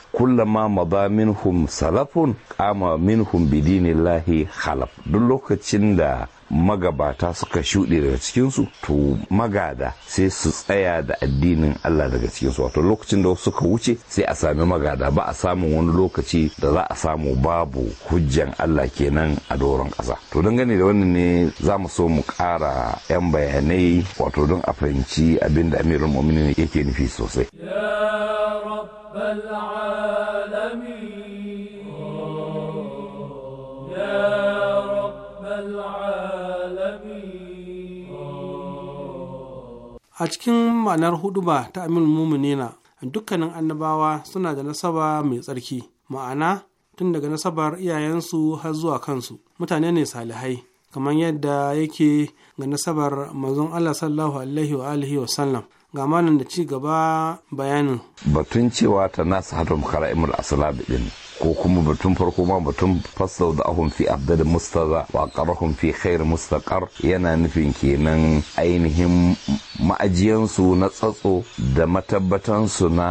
ma maza minhum salafun kama minhum bidinillahi khalaf duk lokacin da magabata suka shuɗe daga cikinsu to magada sai su tsaya da addinin Allah daga cikinsu wato lokacin da suka wuce sai a sami magada ba a samun wani lokaci da za a samu babu hujjan Allah kenan a doron ƙasa to don dangane da wannan ne za mu so mu ƙara 'yan bayanai wato don a fahimci abin da amirin yake nufi sosai a cikin ma'anar huduba ta amin muminina dukkanin annabawa suna da nasaba mai tsarki ma'ana tun daga nasabar iyayensu har zuwa kansu mutane ne salihai kamar yadda yake ga nasabar manzon Allah sallallahu alaihi wa alihi wa sallam ga malam da ci gaba bayanin batun cewa ta nasu imar asala aslab ɗin ko kuma batun farko ma batun fassau da ahun fi abdad mustaza wa qarahum fi khair mustaqar yana nufin kenan ainihin ma'ajiyansu na tsatso da matabbatansu na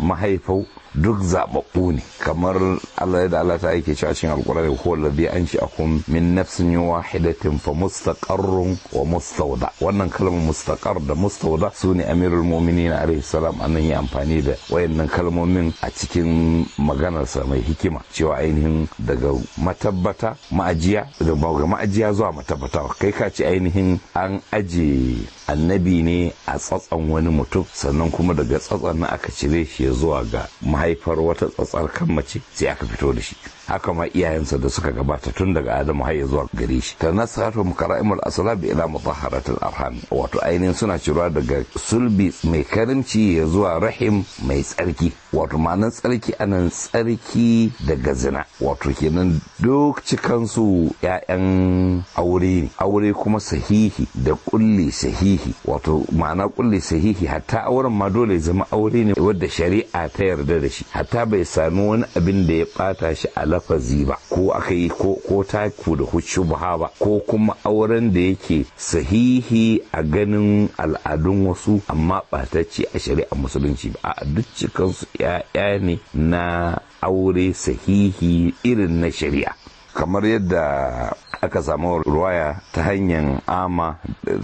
mahaifau duk zaɓaɓɓu ne kamar Allah da Allah ta yake cewa cikin da ko da an shi a kun min nafsin wahidatin fa mustaqarrun wa mustawda wannan kalmar mustaƙar da mustawda ne amirul na alaihi salam nan yi amfani da wayannan kalmomin a cikin maganarsa mai hikima cewa ainihin daga matabbata ma'ajiya daga ma'ajiya zuwa matabbata kai ka ce ainihin an aje annabi ne a tsatson wani mutum sannan kuma daga tsatson na aka cire shi zuwa ga mahaifar wata tsatsar kan mace sai aka fito da shi haka ma iyayensa da suka gabata tun daga adamu har zuwa gare shi ta nasatu asla aslab ila mutahharatil arham wato ainihin suna ciruwa daga sulbi mai karimci ya zuwa rahim mai tsarki wato ma'anar tsarki anan tsarki daga zina wato kenan duk cikansu ya'yan aure ne aure kuma sahihi da kulli sahihi wato ma'ana kulli sahihi hatta auren ma dole zama aure ne wadda shari'a ta yarda da shi hatta bai sami wani abin da ya bata shi a lafazi ba ko aka yi ko taku da hucci ba ko kuma auren da yake sahihi a ganin al'adun wasu amma ɓatacce a shari'a musulunci ba a duk cikinsu 'ya'ya ne na aure sahihi irin na shari'a kamar yadda aka samu ruwaya ta hanyar ama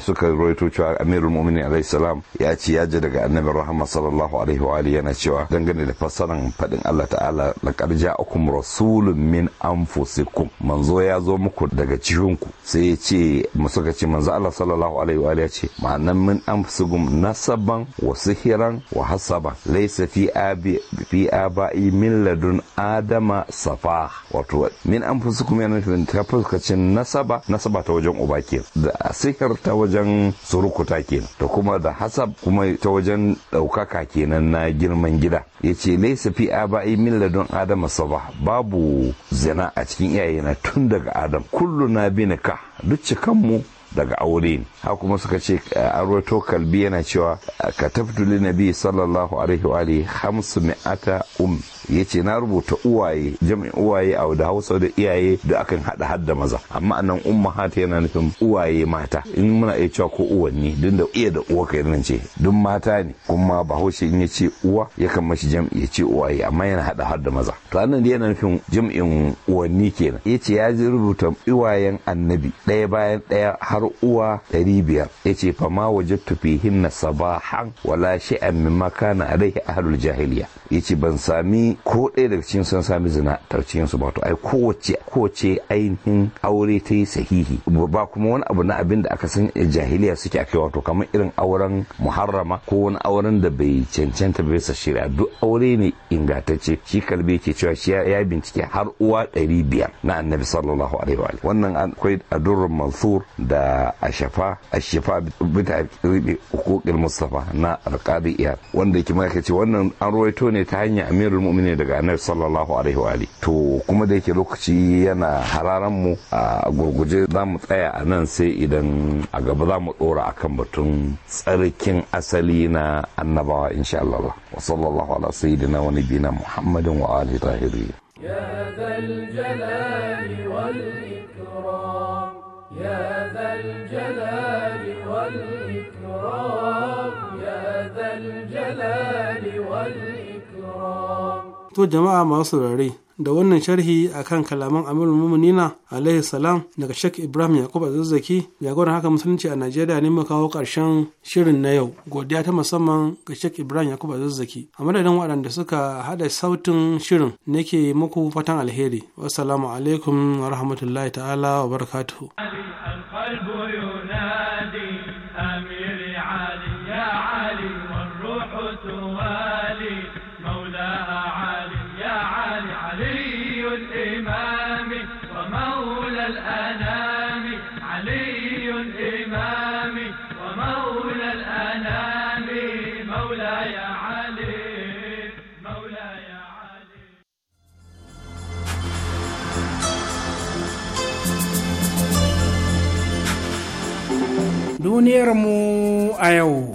suka roito cewa amirul mu'minin alaihi salam ya ce ya ji daga annabi rahama sallallahu alaihi wa yana cewa dangane da fassaran fadin Allah ta'ala laqad ja'akum rasulun min anfusikum manzo ya zo muku daga cikinku sai ya ce ka ce manzo Allah sallallahu alaihi wa ya ce ma'anan min anfusikum nasaban wa sihiran wa hasaba laysa fi abi fi abai min ladun adama safa wato min anfusikum kuma yana nufin ta fuskacin nasaba nasaba ta wajen uba ke da sikar ta wajen surukuta ke da kuma da hasab kuma ta wajen ɗaukaka kenan na girman gida ya ce laisa fi aba'i min ladun adama saba babu zina a cikin iyayena tun daga adam kullu na bi binika duk mu daga aure ne ha kuma suka ce roto kalbi yana cewa ka na nabi sallallahu alaihi wa alihi hamsu mi'ata um ya ce na rubuta uwaye jami'in uwaye a da hausa da iyaye da akan hada hada maza amma umma hata yana nufin uwaye mata in muna iya cewa ko uwanni don da iya da uwa kai nan ce duk mata ne kuma bahaushe in ya ce uwa kan mashi jam'i ya ce uwaye amma yana hada hada maza to anan da yana nufin jami'in uwanni kenan ya ce ya ji rubuta uwayen annabi ɗaya bayan ɗaya har uwa ɗari biyar ya ce fama wajattu hinna sabahan wala shay'an na kana a ahlul jahiliya ya ce ban sami ko ɗaya daga cikin sun sami zina tarciyin su ba to ai kowace kowace ainihin aure ta yi sahihi ba kuma wani abu na abin da aka san jahiliya suke akai wato kamar irin auren muharrama ko wani auren da bai cancanta bai sa shari'a duk aure ne ingantacce shi kalbe ke cewa shi ya bincike har uwa ɗari biyar na annabi sallallahu alaihi wa wannan akwai adurrun mansur da a shafa bita ribe hukukil mustafa na alqadi iyar wanda ka ce wannan an ruwaito ne ta hanyar amirul mu'minin ne daga annabi sallallahu alaihi wa alihi to kuma da yake lokaci yana hararan mu a gurguje za mu tsaya a nan sai idan a gaba za mu dora akan batun tsarkin asali na annabawa insha Allah wa sallallahu ala sayyidina wa nabiyina muhammadin wa alihi jalali يا ذا ya والإكرام jalali ذا الجلال ya يا jalali الجلال والإكرام to jama'a masu saurari da wannan sharhi akan kalaman amirul muminina alaihi salam daga sheikh ibrahim yakub ya jagoran haka musulunci a najeriya ne kawo karshen shirin na yau godiya ta musamman ga sheikh ibrahim yakub zazzaki a madadin waɗanda suka haɗa sautin shirin nake muku fatan alheri wassalamu alaikum wa rahmatullahi ta'ala wa barakatuhu duniyarmu a yau.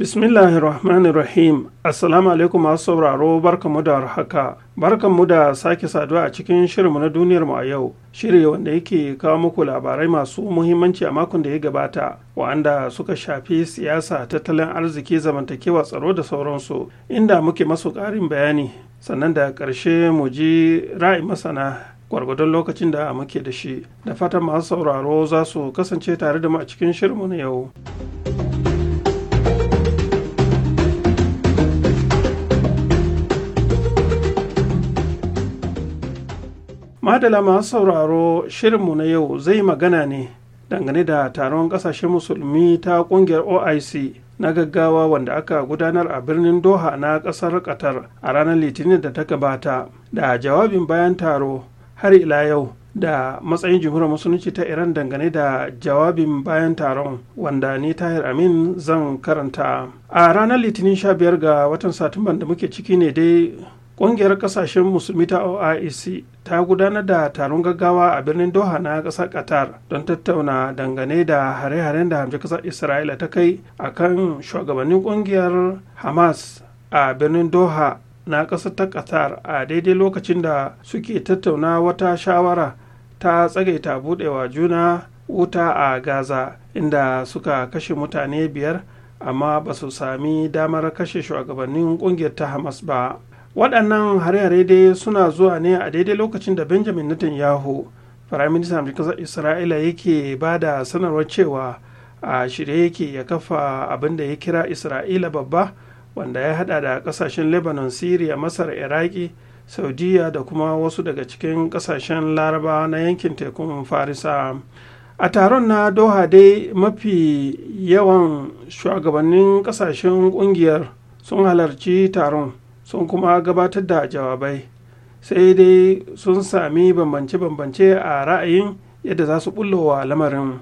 Bismillahir Rahmanir Rahim Assalamu alaikum masu sauraro mu da haka mu da sake saduwa a cikin shirinmu na duniyarmu a yau shiri wanda yake kawo muku labarai masu muhimmanci a makon da ya gabata wa'anda suka shafi siyasa tattalin arziki zamantakewa tsaro da sauransu inda muke masu ƙarin bayani sannan da ƙarshe mu ji ra'ayi masana gwargwadon lokacin da muke da shi da fatan masu sauraro za su kasance tare da mu a cikin shirinmu na yau madala masu sauraro shirinmu na yau zai magana ne dangane da taron kasashen musulmi ta kungiyar oic na gaggawa wanda aka gudanar a birnin doha na kasar qatar a ranar litinin da ta gabata da jawabin bayan taro har ila yau da matsayin jamhuriyar musulunci ta iran dangane da jawabin bayan taron wanda ni tahir amin zan karanta a ranar litinin 15 ga watan satumban da muke ciki ne dai kungiyar kasashen musulmi ta oic ta gudanar da taron gaggawa a birnin doha na ƙasar qatar don tattauna dangane da hare-haren da hamshe kasar isra'ila ta kai akan shugabannin kungiyar hamas a birnin doha na ƙasar ta qatar a daidai lokacin da suke tattauna wata shawara ta tsagaita budewa juna wuta a gaza inda suka kashe mutane biyar amma ba su sami damar kashe shugabannin kungiyar ta hamas ba waɗannan hare-hare dai suna zuwa ne a daidai lokacin da benjamin netanyahu firaministan ƙasar isra'ila yake ba da sanarwar cewa a shirye yake ya kafa abin da ya kira isra'ila babba wanda ya hada da kasashen lebanon syria masar iraki saudiya da kuma wasu daga cikin kasashen laraba na yankin tekun farisa a taron na doha dai mafi yawan shugabannin kasashen kungiyar sun halarci taron sun kuma gabatar da jawabai sai dai sun sami bambance-bambance a ra'ayin yadda za su wa lamarin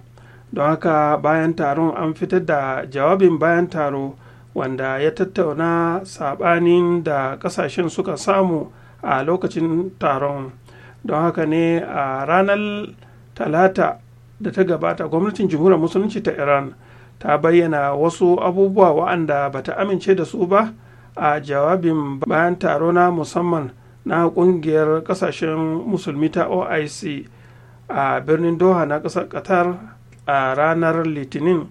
don haka bayan taron an fitar da jawabin bayan taro wanda ya tattauna sabanin da kasashen suka samu a lokacin taron don haka ne a ranar talata da ta gabata gwamnatin jamhuriyar musulunci ta iran ta bayyana wasu abubuwa wa'anda ba ta amince da su ba a jawabin bayan taro na musamman na kungiyar kasashen musulmi ta oic a birnin doha na ƙasar qatar a ranar litinin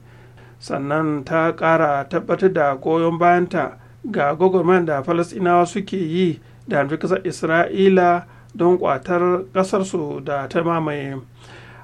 sannan ta ƙara tabbatar da goyon bayanta ga gwagwarmayar da falasinawa suke yi da hamfi ƙasar isra'ila don ƙwatar ƙasarsu da ta mamaye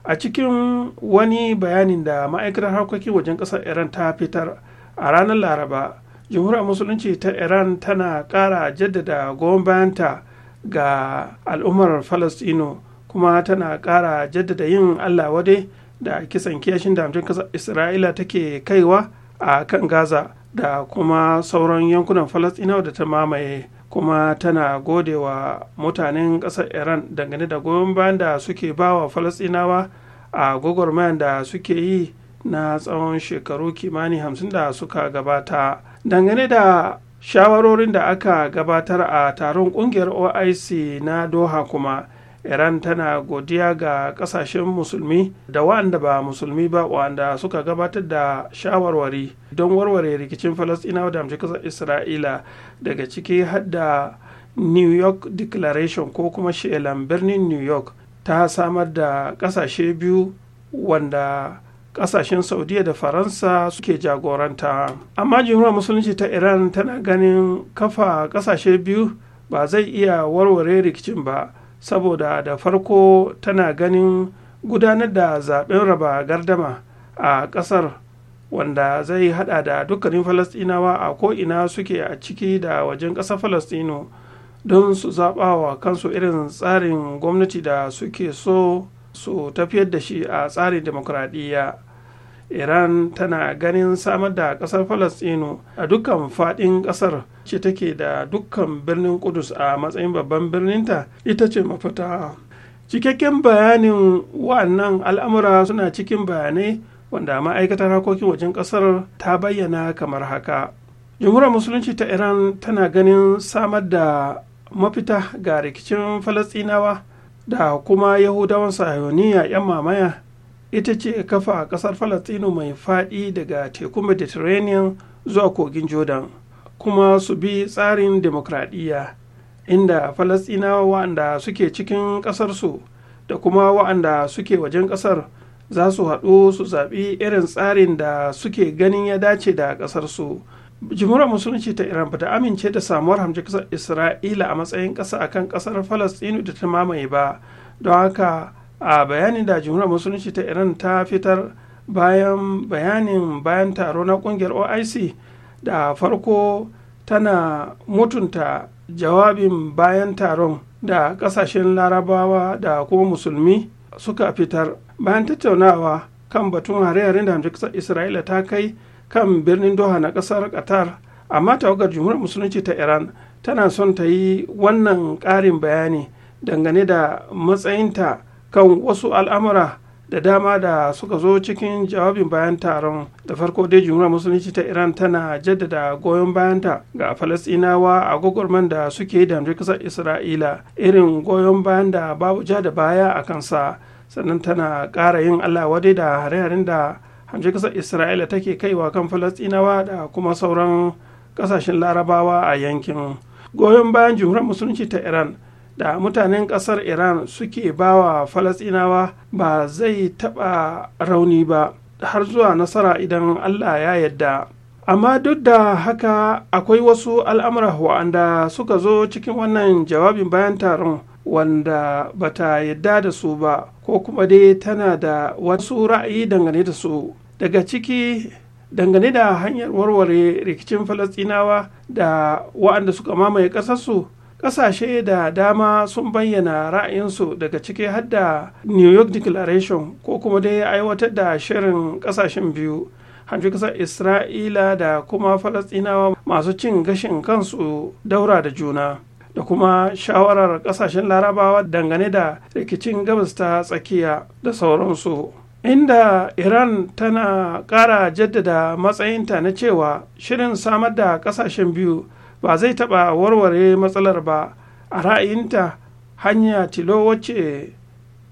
a cikin wani bayanin da ma'aikatar harkokin wajen ƙasar iran ta fitar a ranar laraba jamhuriyar musulunci ta iran tana ƙara jaddada goyon bayanta ga al'ummar falastino kuma tana ƙara jaddada yin allah wade da kisan kiyashin da hamshin kasar isra'ila take kaiwa a kan gaza da kuma sauran yankunan falastinawa da ta mamaye kuma tana gode wa mutanen ƙasar iran dangane da goyon bayan da suke bawa falastinawa a gwagwarmayan da suke yi na tsawon shekaru kimani hamsin da suka gabata dangane da shawarorin da aka gabatar a taron kungiyar oic na doha kuma iran tana godiya ga kasashen musulmi da wa'anda ba musulmi ba wa'anda suka gabatar da shawarwari don warware rikicin falasɗinawa da amshi kasar isra'ila daga ciki hadda new york declaration ko kuma shelan birnin new york ta samar da kasashe biyu wanda kasashen saudiya da faransa suke jagoranta amma jimhuriyar musulunci ta iran tana ganin kafa ƙasashe biyu ba zai iya warware rikicin ba saboda da farko tana ganin gudanar da zaben raba gardama a ƙasar wanda zai hada da dukkanin falastinawa a ko'ina suke a ciki da wajen ƙasar falastino don su zaɓa wa kansu irin tsarin gwamnati da suke so su tafiyar da shi a tsarin demokradiyya iran tana ganin samar da ƙasar falastinu a dukkan fadin ƙasar ce take da dukkan birnin kudus a matsayin babban birninta ita ce mafita cikakken bayanin wa'annan al'amura suna cikin bayanai wanda ma'aikatar harkokin wajen ƙasar ta bayyana kamar haka jamhuriyar musulunci ta iran tana ganin samar da mafita ga rikicin falastinawa da kuma yahudawan sahiyoniya 'yan mamaya ita ce kafa ƙasar falastinu mai faɗi daga tekun mediterranean zuwa kogin jordan kuma su bi tsarin demokradiyya inda falastinawa waɗanda suke cikin ƙasarsu da kuma waɗanda suke wajen ƙasar za su haɗu su zaɓi irin tsarin da suke ganin ya dace da ƙasarsu jimura musulunci ta iran bata amince da samuwar hamji kasar isra'ila a matsayin ƙasa akan ƙasar falastino da ta mamaye ba don haka a bayanin da jumhuriyar musulunci ta iran ta fitar bayan bayanin bayan taro na kungiyar oic da farko tana mutunta jawabin bayan taron da kasashen larabawa da kuma musulmi suka fitar bayan tattaunawa kan batun hare-haren da Kasar isra'ila ta kai kan birnin doha na kasar qatar amma tawagar jumhuriyar musulunci ta iran tana son ta yi wannan ƙarin bayani dangane da matsayinta kan wasu al'amura da dama da suka zo cikin jawabin bayan taron da farko dai jumhuriyar musulunci ta iran tana jaddada goyon bayanta ga falasinawa a gugurman da suke da kasar isra'ila irin goyon bayan da babu ja da baya a kansa sannan tana ƙara yin allah wadai da hare-haren da hamshe kasar isra'ila take kaiwa kan falasinawa da kuma sauran ƙasashen larabawa a yankin goyon bayan jumhuriyar musulunci ta iran da mutanen kasar iran suke bawa falasinawa ba zai taɓa rauni ba har zuwa nasara idan allah ya yadda amma duk da haka akwai wasu al'amura wa'anda suka zo cikin wannan jawabin bayan taron wanda bata yadda da su ba ko kuma dai tana da wasu ra'ayi dangane da su daga ciki dangane da hanyar warware rikicin falasinawa da wa'anda suka mamaye ƙasarsu ƙasashe da dama sun bayyana ra'ayinsu daga ciki har da new york declaration ko kuma dai aiwatar da shirin ƙasashen biyu hanci kasar isra'ila da kuma falastinawa masu cin gashin kansu daura da juna da kuma shawarar ƙasashen larabawa dangane da rikicin gabas ta tsakiya da sauransu inda iran tana kara jaddada matsayinta na cewa shirin samar da ƙasashen biyu ba zai taɓa warware matsalar ba a ra'ayinta hanya tilo wacce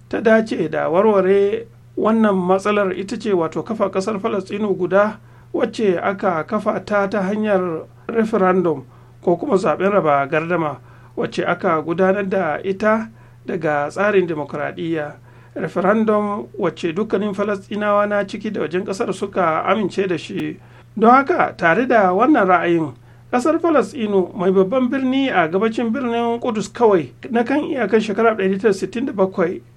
ta dace da warware wannan matsalar ita ce wato kafa ƙasar falastinu guda wacce aka kafa ta ta hanyar referendum ko kuma zaɓen raba gardama wacce aka gudanar da ita daga tsarin demokuraɗiyya referendum wacce dukkanin falastinawa na ciki da wajen ƙasar suka amince da shi don haka tare da wannan ra'ayin kasar falasino mai babban birni a gabacin birnin kudus kawai na kan iyakar shekara 1967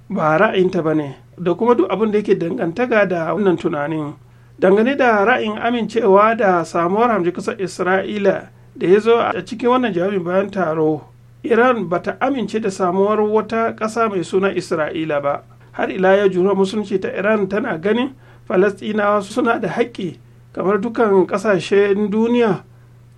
ba ra'ayinta ba ne da kuma duk abin da yake dangantaka da wannan tunanin dangane da ra'ayin amincewa da samuwar hamji kasar isra'ila da ya zo a cikin wannan jawabin bayan taro iran ba ta amince da samuwar wata ƙasa mai suna isra'ila ba har ila ya juna musulunci ta iran tana ganin Falasɗinawa suna da haƙƙi kamar dukkan ƙasashen duniya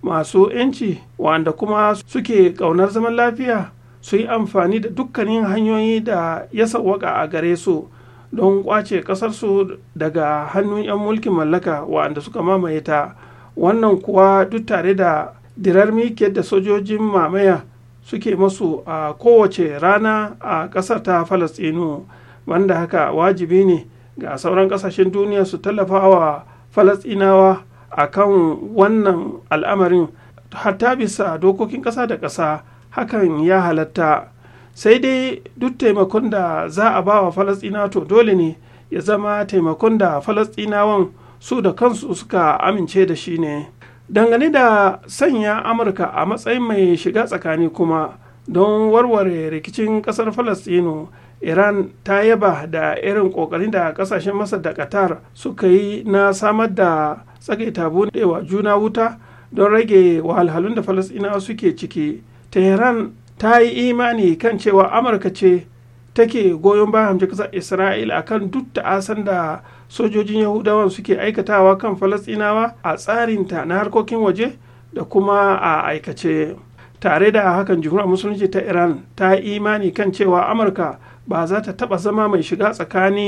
masu 'yanci wanda kuma suke ƙaunar zaman lafiya su yi amfani da dukkanin hanyoyi da ya sawwaka a gare su don kwace ƙasarsu daga hannun 'yan mulkin mallaka wanda suka mamaye ta wannan kuwa duk tare da dirar mike da sojojin mamaya suke masu a kowace rana a ƙasar ta falastinu banda haka wajibi ne ga sauran ƙasashen duniya su tallafa wa falastinawa akan wannan al'amarin hatta bisa dokokin ƙasa da ƙasa hakan ya halatta sai dai duk taimakon da za a ba wa falasɗina to dole ne ya zama taimakon da falasɗinawan su da kansu suka amince da shi ne dangane da sanya amurka a matsayin mai shiga tsakani kuma don warware rikicin ƙasar falasɗinu iran ta yaba da irin kokarin da kasashen masar da qatar suka yi na samar da tsagaita buɗewa juna wuta don rage wahalhalun da falasɗinawa suke ciki tehran ta yi imani kan cewa amurka ce take goyon bayan kasar isra'ila akan duk ta'asan da sojojin yahudawan suke aikatawa kan falasɗinawa a tsarinta na harkokin waje da kuma a aikace tare da hakan jumhuriyar musulunci ta iran ta yi imani kan cewa amurka ba za ta taɓa zama mai shiga tsakani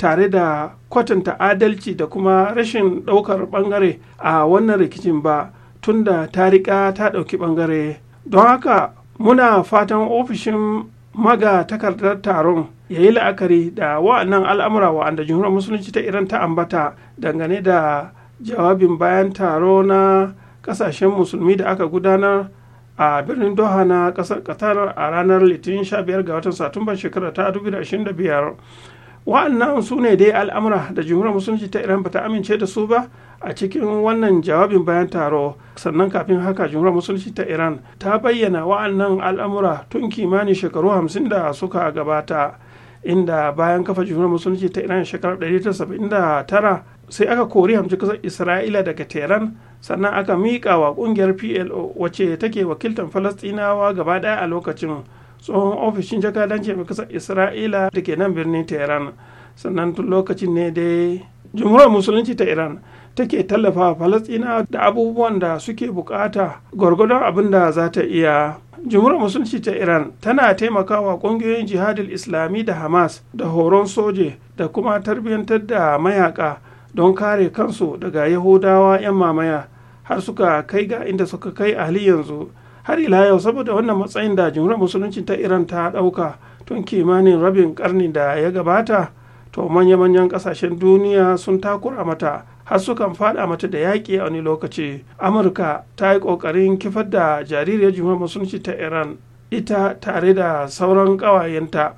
tare da kwatanta adalci da kuma rashin ɗaukar ɓangare a wannan rikicin ba tunda ta riƙa ta ɗauki ɓangare don haka muna fatan ofishin maga takardar taron ya yi la'akari da wa'annan al'amura wa'anda jumhuriyar musulunci ta iran ta ambata dangane da jawabin bayan taro na ƙasashen musulmi da aka gudanar a birnin doha na kasar qatar a ranar litinin 15 ga watan satumban shekara ta 2025 wa'annan su ne dai al'amura da jumhuriyar musulunci ta iran bata amince da su ba a cikin wannan jawabin bayan taro sannan kafin haka jumhuriyar musulunci ta iran ta bayyana wa'annan al'amura tun kimanin shekaru 50 da suka gabata inda bayan kafa jumhuriyar musulunci ta iran shekarar 1979 sai aka kori hamci kasar isra'ila daga teran sannan aka miƙa wa ƙungiyar plo wacce take wakiltar falastinawa gaba ɗaya a lokacin tsohon ofishin jakadanci mai kasar isra'ila da ke nan birnin tehran sannan tun lokacin ne dai jumhuriyar musulunci ta iran take tallafa Falasɗinawa da abubuwan da suke bukata gwargwadon abin da za ta iya jumhuriyar musulunci ta iran tana taimakawa ƙungiyoyin jihadin islami da hamas da horon soje da kuma tarbiyyantar da mayaka don kare kansu daga yahudawa 'yan mamaya har suka kai ga inda suka kai a hali yanzu har ila yau saboda wannan matsayin da jimurar musulunci ta iran ta ɗauka tun kimanin rabin karni da ya gabata to manya-manyan ƙasashen duniya sun takura mata har sukan faɗa mata da yaƙi a wani lokaci amurka ta yi ƙoƙarin kifar da jaririyar jimurar musulunci ta iran ita tare da sauran ƙawayenta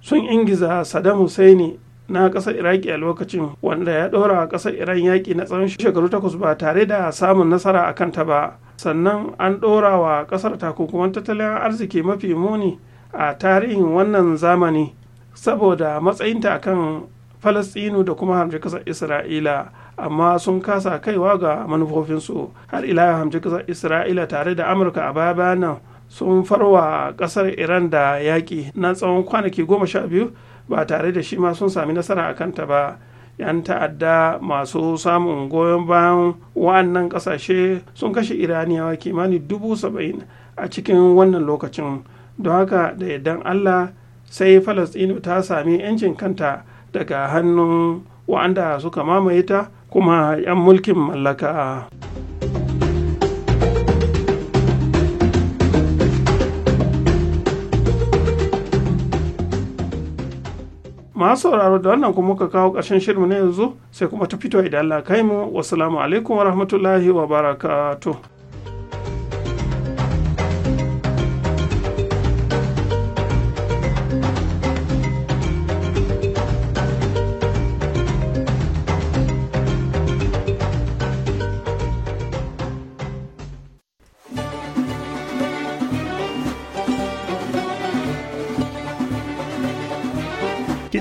sun ingiza saddam husaini na ƙasar iraki a lokacin wanda ya ɗora ƙasar iran yaƙi na tsawon shekaru takwas ba tare da samun nasara a kanta ba sannan an ɗora wa ƙasar takunkuman tattalin arziki mafi muni a tarihin wannan zamani saboda matsayinta a kan falastinu da kuma hamji ƙasar isra'ila amma sun kasa kaiwa ga manufofinsu har ila hamji ƙasar isra'ila tare da amurka a baya sun farwa ƙasar iran da yaƙi na tsawon kwanaki goma sha biyu ba tare da shi ma sun sami nasara a kanta ba yan ta'adda masu samun goyon bayan wa'annan kasashe sun kashe iraniyawa kimanin dubu saba'in a cikin wannan lokacin don haka da yardan allah sai falastinu ta sami 'yancin kanta daga hannun wa'anda suka mamaye ta kuma 'yan mulkin mallaka. masu sauraro da wannan kuma ka kawo ƙarshen shirin na yanzu sai kuma ta fito idan Allah kai mu wasu alaikum wa rahmatullahi wa barakatuh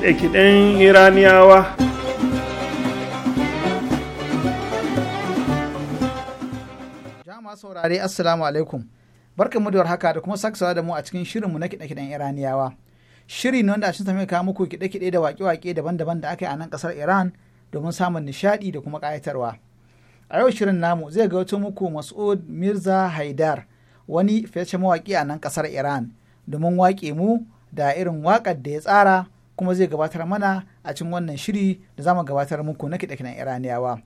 kide-kiden iraniyawa jama'a saurare assalamu alaikum barkan mu da haka da kuma saksawa da mu a cikin shirinmu na kiɗe-kiɗen iraniyawa shiri ne wanda a cikin kawo muku kiɗe-kiɗe da waƙe-waƙe daban-daban da aka yi a nan ƙasar iran domin samun nishaɗi da kuma kayatarwa a yau shirin namu zai gawato muku mas'ud mirza haidar wani fece mawaki a nan ƙasar iran domin waƙe mu da irin waƙar da ya tsara kuma zai gabatar mana a cikin wannan shiri da zamu gabatar muku na kiɗa kiɗan iraniyawa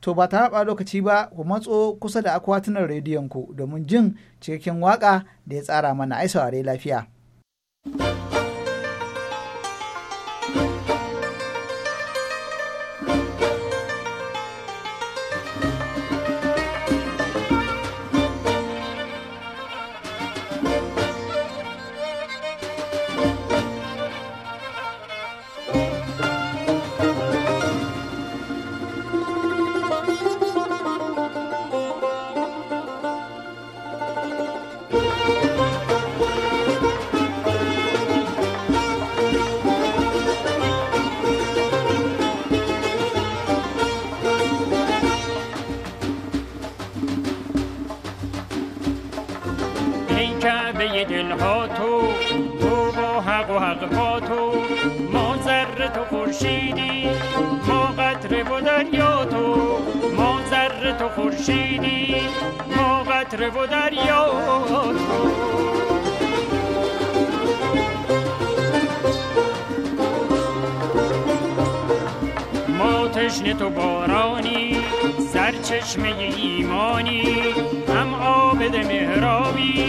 to ba ta ba lokaci ba ku matso kusa da akwatunan rediyon ku domin jin cikakken waka da ya tsara mana ai saurare lafiya. thank you دل ها تو تو با حق و حق تو ما ذره تو خورشیدی ما قطره و دریا تو ما ذره تو خورشیدی ما قطره و دریا تو تشنه تو بارانی سرچشمه ایمانی هم آبد مهرابی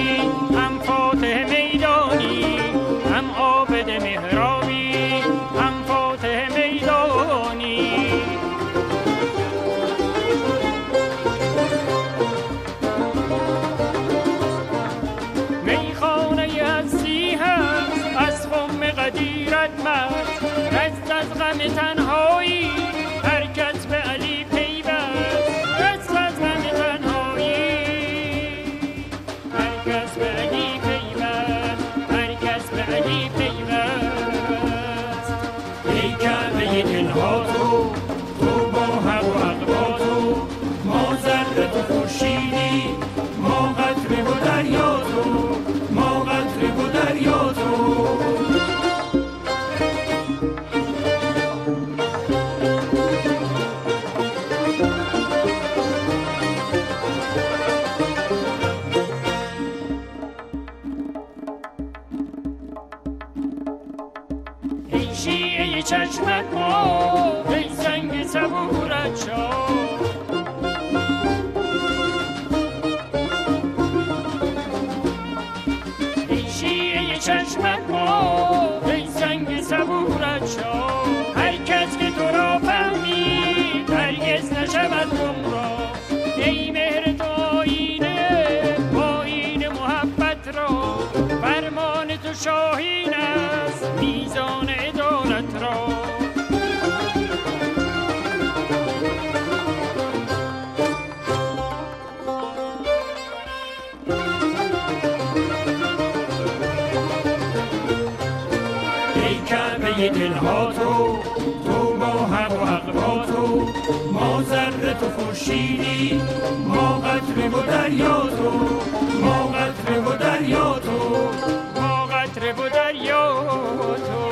ها تو تو با حق و حق با تو ما ذره تو خورشیدی ما قطره و دریا تو ما قطره و دریا تو ما قطره و دریا تو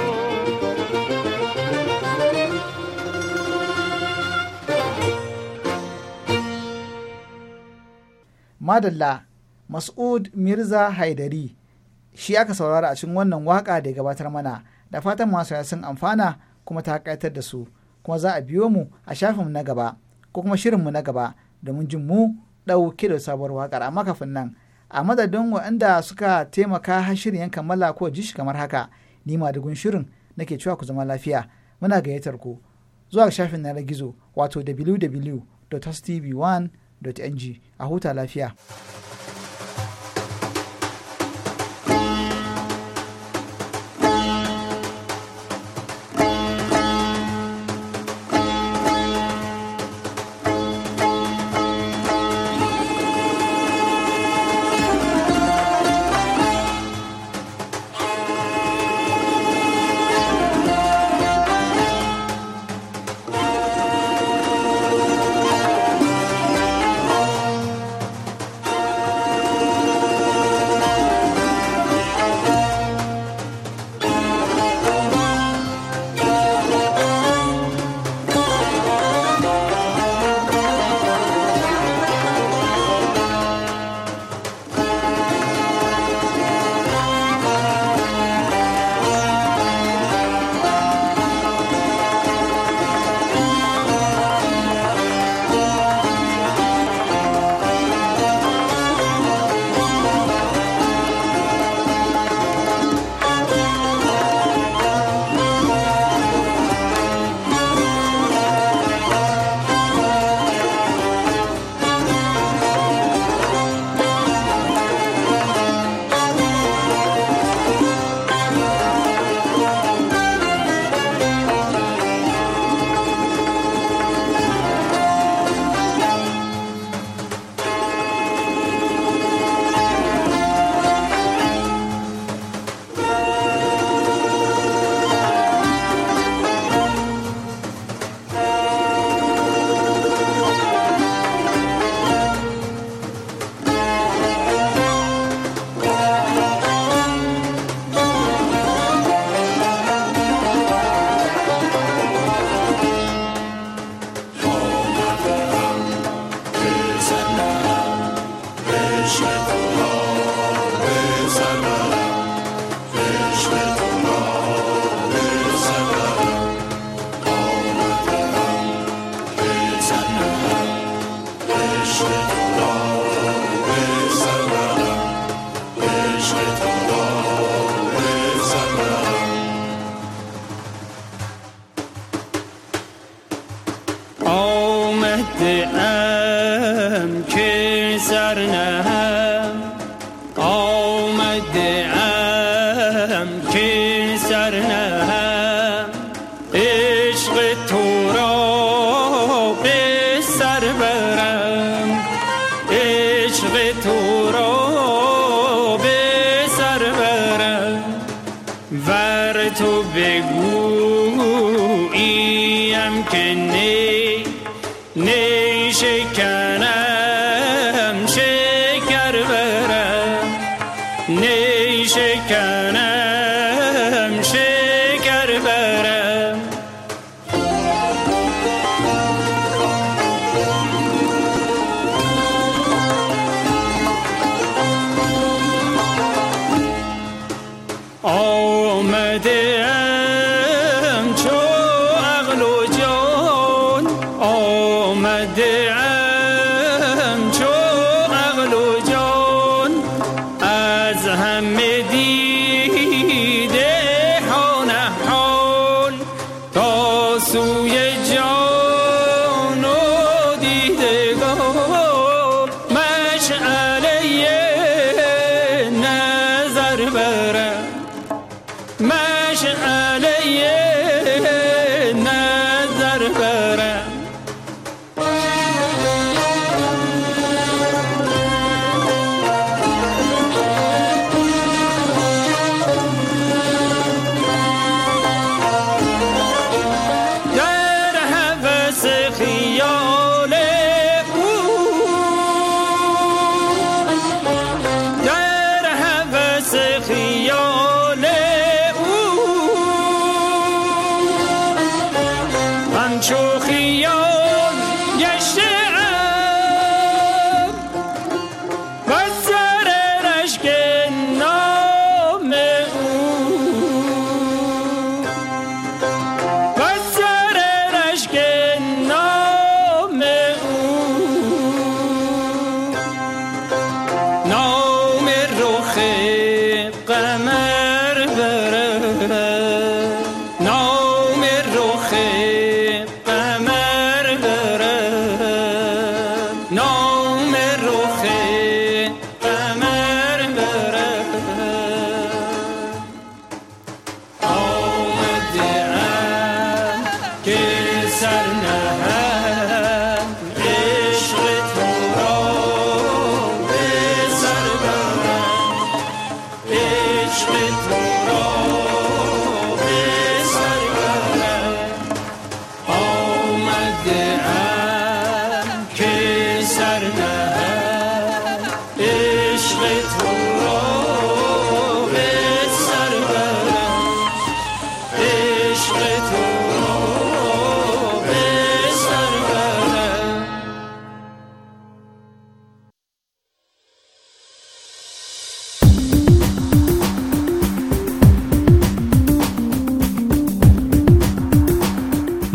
madalla mas'ud mirza haidari shi aka saurara a cikin wannan waka da gabatar mana da fatan masu sun amfana kuma ta kaitar da su kuma za a biyo mu a shafinmu na gaba ko kuma mu na gaba domin jin mu ɗauke da sabuwar wakar amma kafin nan a madadin waɗanda suka taimaka har shirin yan kammala ko jishi kamar haka ni ma dugun shirin nake cewa ku zama lafiya muna gayyatar ku zuwa shafin na gizo wato www.tv1.ng a huta lafiya.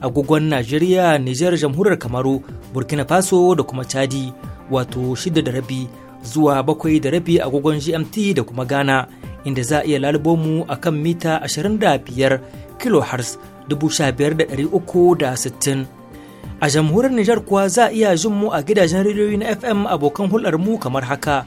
agogon Najeriya, Nijar, Jamhuriyar Kamaru, Burkina Faso da kuma Chadi, wato shida da rabi zuwa bakwai da rabi agogon GMT da kuma Ghana, inda za a iya lalubo mu a kan mita 25 kHz 15,360. A jamhuriyar Nijar kuwa za a iya jin mu a gidajen rediyoyi na FM abokan hulɗar mu kamar haka.